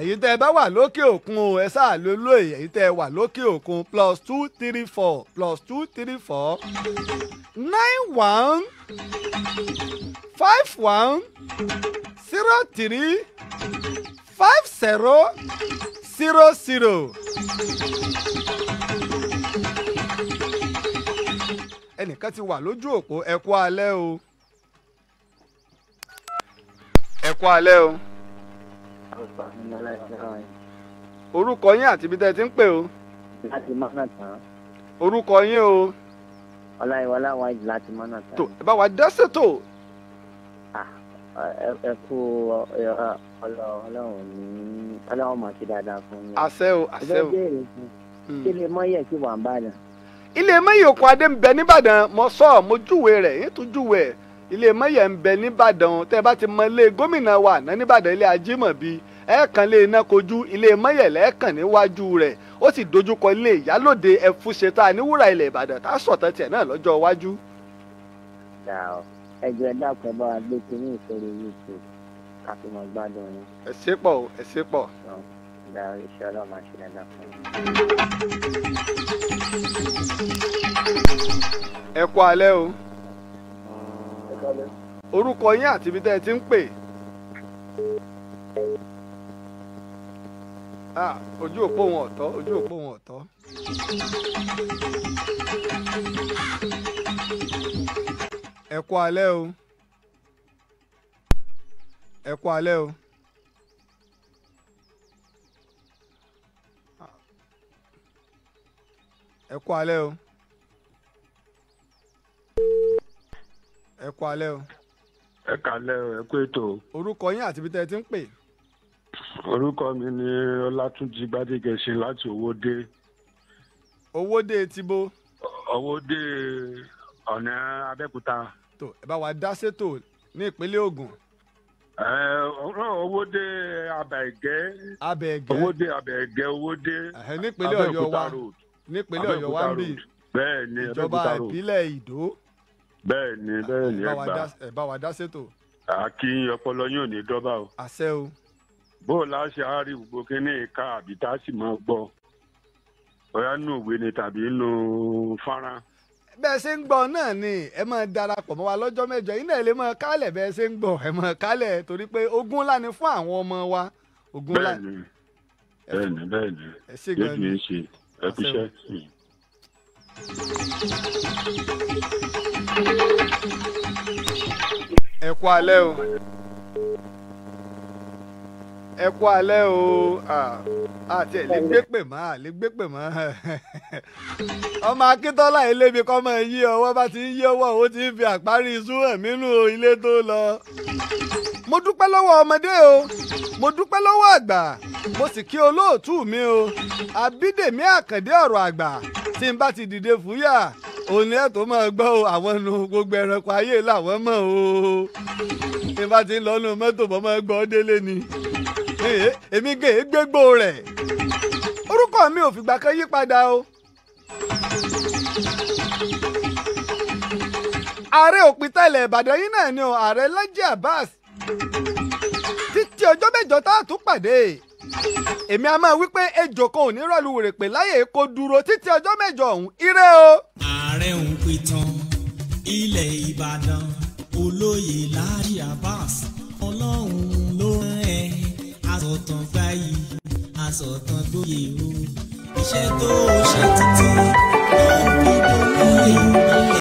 ẹ̀yin tẹ́ ẹ bá wà lókè òkun o ẹ sáà ló lóye ẹ̀yin tẹ́ ẹ wà lókè òkun plus two three four plus two three four nine one five one zero three five zero zero zero. ẹnìkan ti wà lójú òpó ẹ kú alẹ́ o. ẹ kú alẹ́ o orúkọ yín àti ibi tẹ́ ẹ ti ń pè o. láti mọ́nà tán. orúkọ yín o. ọláyíwọlá wa láti mọ́nà tán. tó ẹ bá wa dá ṣètò. ẹ kú ọlọ́run ní ọlọ́run mọ̀ sí dáadáa fún mi. àṣẹ o àṣẹ o. kí lè mọ iye kí wà ń bá dàn. ilé mẹ́yìn òkun adé ń bẹ nìbàdàn mo sọ mo júwe rẹ̀ yín júwe rẹ̀ ilé mọ́yẹ̀ ń bẹ nìbàdàn tẹ́ ẹ bá ti mọ ilé gómìnà wa àná nìbàdàn ilé ajímọ̀bí ẹ̀ẹ̀kan lè iná kojú ilé mọ́yẹ̀ lẹ́ẹ̀kan níwájú rẹ̀ ó sì dojúkọ ilé ìyálòde ẹ̀fúnṣe tá a níwúrà ilẹ̀ ìbàdàn tá a sọ̀tàn tiẹ̀ náà lọ́jọ́ iwájú. ẹjọ́ ẹ dákun bá wa gbé kínní ìṣòro yìí tó ká mọ gbádùn yín. ẹ ṣé pọ̀ ẹ ṣe dáadáa ẹ kú alẹ́ o orúkọ yín àti ibi tẹ́ ẹ ti ń pè. ojú òpó wọn ọ̀tọ̀ ojú òpó wọn ọ̀tọ̀. ẹ kú alẹ́ o ẹ kú alẹ́ o. ẹ kú alẹ́ o ẹ kú alẹ́ o. ẹ kálẹ́ o ẹ kú ètò. orúkọ yín àti ibi tẹ́ ẹ ti ń pè. orúkọ mi ni ọlátúnjì gbádégẹṣin láti owóde. owóde ti bo. owóde ọ̀nà abẹ́òkúta. tó ẹ bá wa dá sétò ní ìpínlẹ̀ Ògùn owóde abẹ́ẹ̀gẹ́. abẹ́ẹ̀gẹ́ owóde abẹ́ẹ̀gẹ́ owóde. nípínlẹ̀ ọ̀yọ́ wa nípínlẹ̀ ọ̀yọ́ wa ń bì. bẹ́ẹ̀ ni abẹ́òkúta road ìjọba ìbílẹ̀ ìdó bẹ́ẹ̀ni ah, bẹ́ẹ̀ni ẹ gbà ẹ bá wa dá ṣètò. àkì ọpọlọ yín ò ní dọ́bà o. àṣẹ o. bó o lá ṣe àárí gbogbo kínní ìka àbí tá a sì máa gbọ́ ọ̀yá nù òwe ni tàbí nù fọ́nrán. bẹ́ẹ̀ ṣe ń gbọ́ náà ni ẹ máa darapọ̀ mọ́ wa lọ́jọ́ mẹ́jọ yín náà lè máa kálẹ̀ bẹ́ẹ̀ ṣe ń gbọ́ ẹ máa kálẹ̀ torí pé ogún ńlá ni fún àwọn ọmọ wa ogún ńlá. bẹ́ẹ̀ni bẹ́ẹ̀ni bẹ́ẹ̀ni yéèdì ń ẹ kúṣẹ́ sí É qual é o? ẹ kú alẹ́ o àti ẹ̀ lè gbé pè mọ́ àlè gbé pè mọ́ ọmọ akíntọ́lá ilébi kọ́mọ yí ọwọ́ bá ti ń yí ọwọ́ ó ti ń fi àparí iṣu hàn nínú ilé tó lọ. mo dúpẹ́ lọ́wọ́ ọmọdé o mo dúpẹ́ lọ́wọ́ àgbà mo sì kí olóòtú mi o àbídèmí àkàndé ọ̀rọ̀ àgbà tí n bá ti dìde fúyà òní ẹ̀ tó máa gbọ́ àwọn nu gbogbo ẹranko ayé làwọn mọ̀ o. tí n bá ti ń lọ́nu mọ́tò bọ́ máa gbọ́ délé ni èmi gé e gbégbó rẹ̀ orúkọ mi ò fìgbà kan yí padà o. ààrẹ òpìtẹ́lẹ̀ ìbàdàn yìí náà ni o ààrẹ Laji abas. títí ọjọ́ mẹ́jọ tá a tún pàdé èmi a máa wí pé ejò kan ò ní rọ̀lú wèrè pé láyè kó dúró títí ọjọ́ mẹ́jọ ọ̀hún ire o. ààrẹ òpìtàn ilẹ̀ ìbàdàn olóyè láti. asọ̀tàn gbáyì asọ̀tàn gbóyè o iṣẹ́ tó ṣe títí ló ń fi dókòwò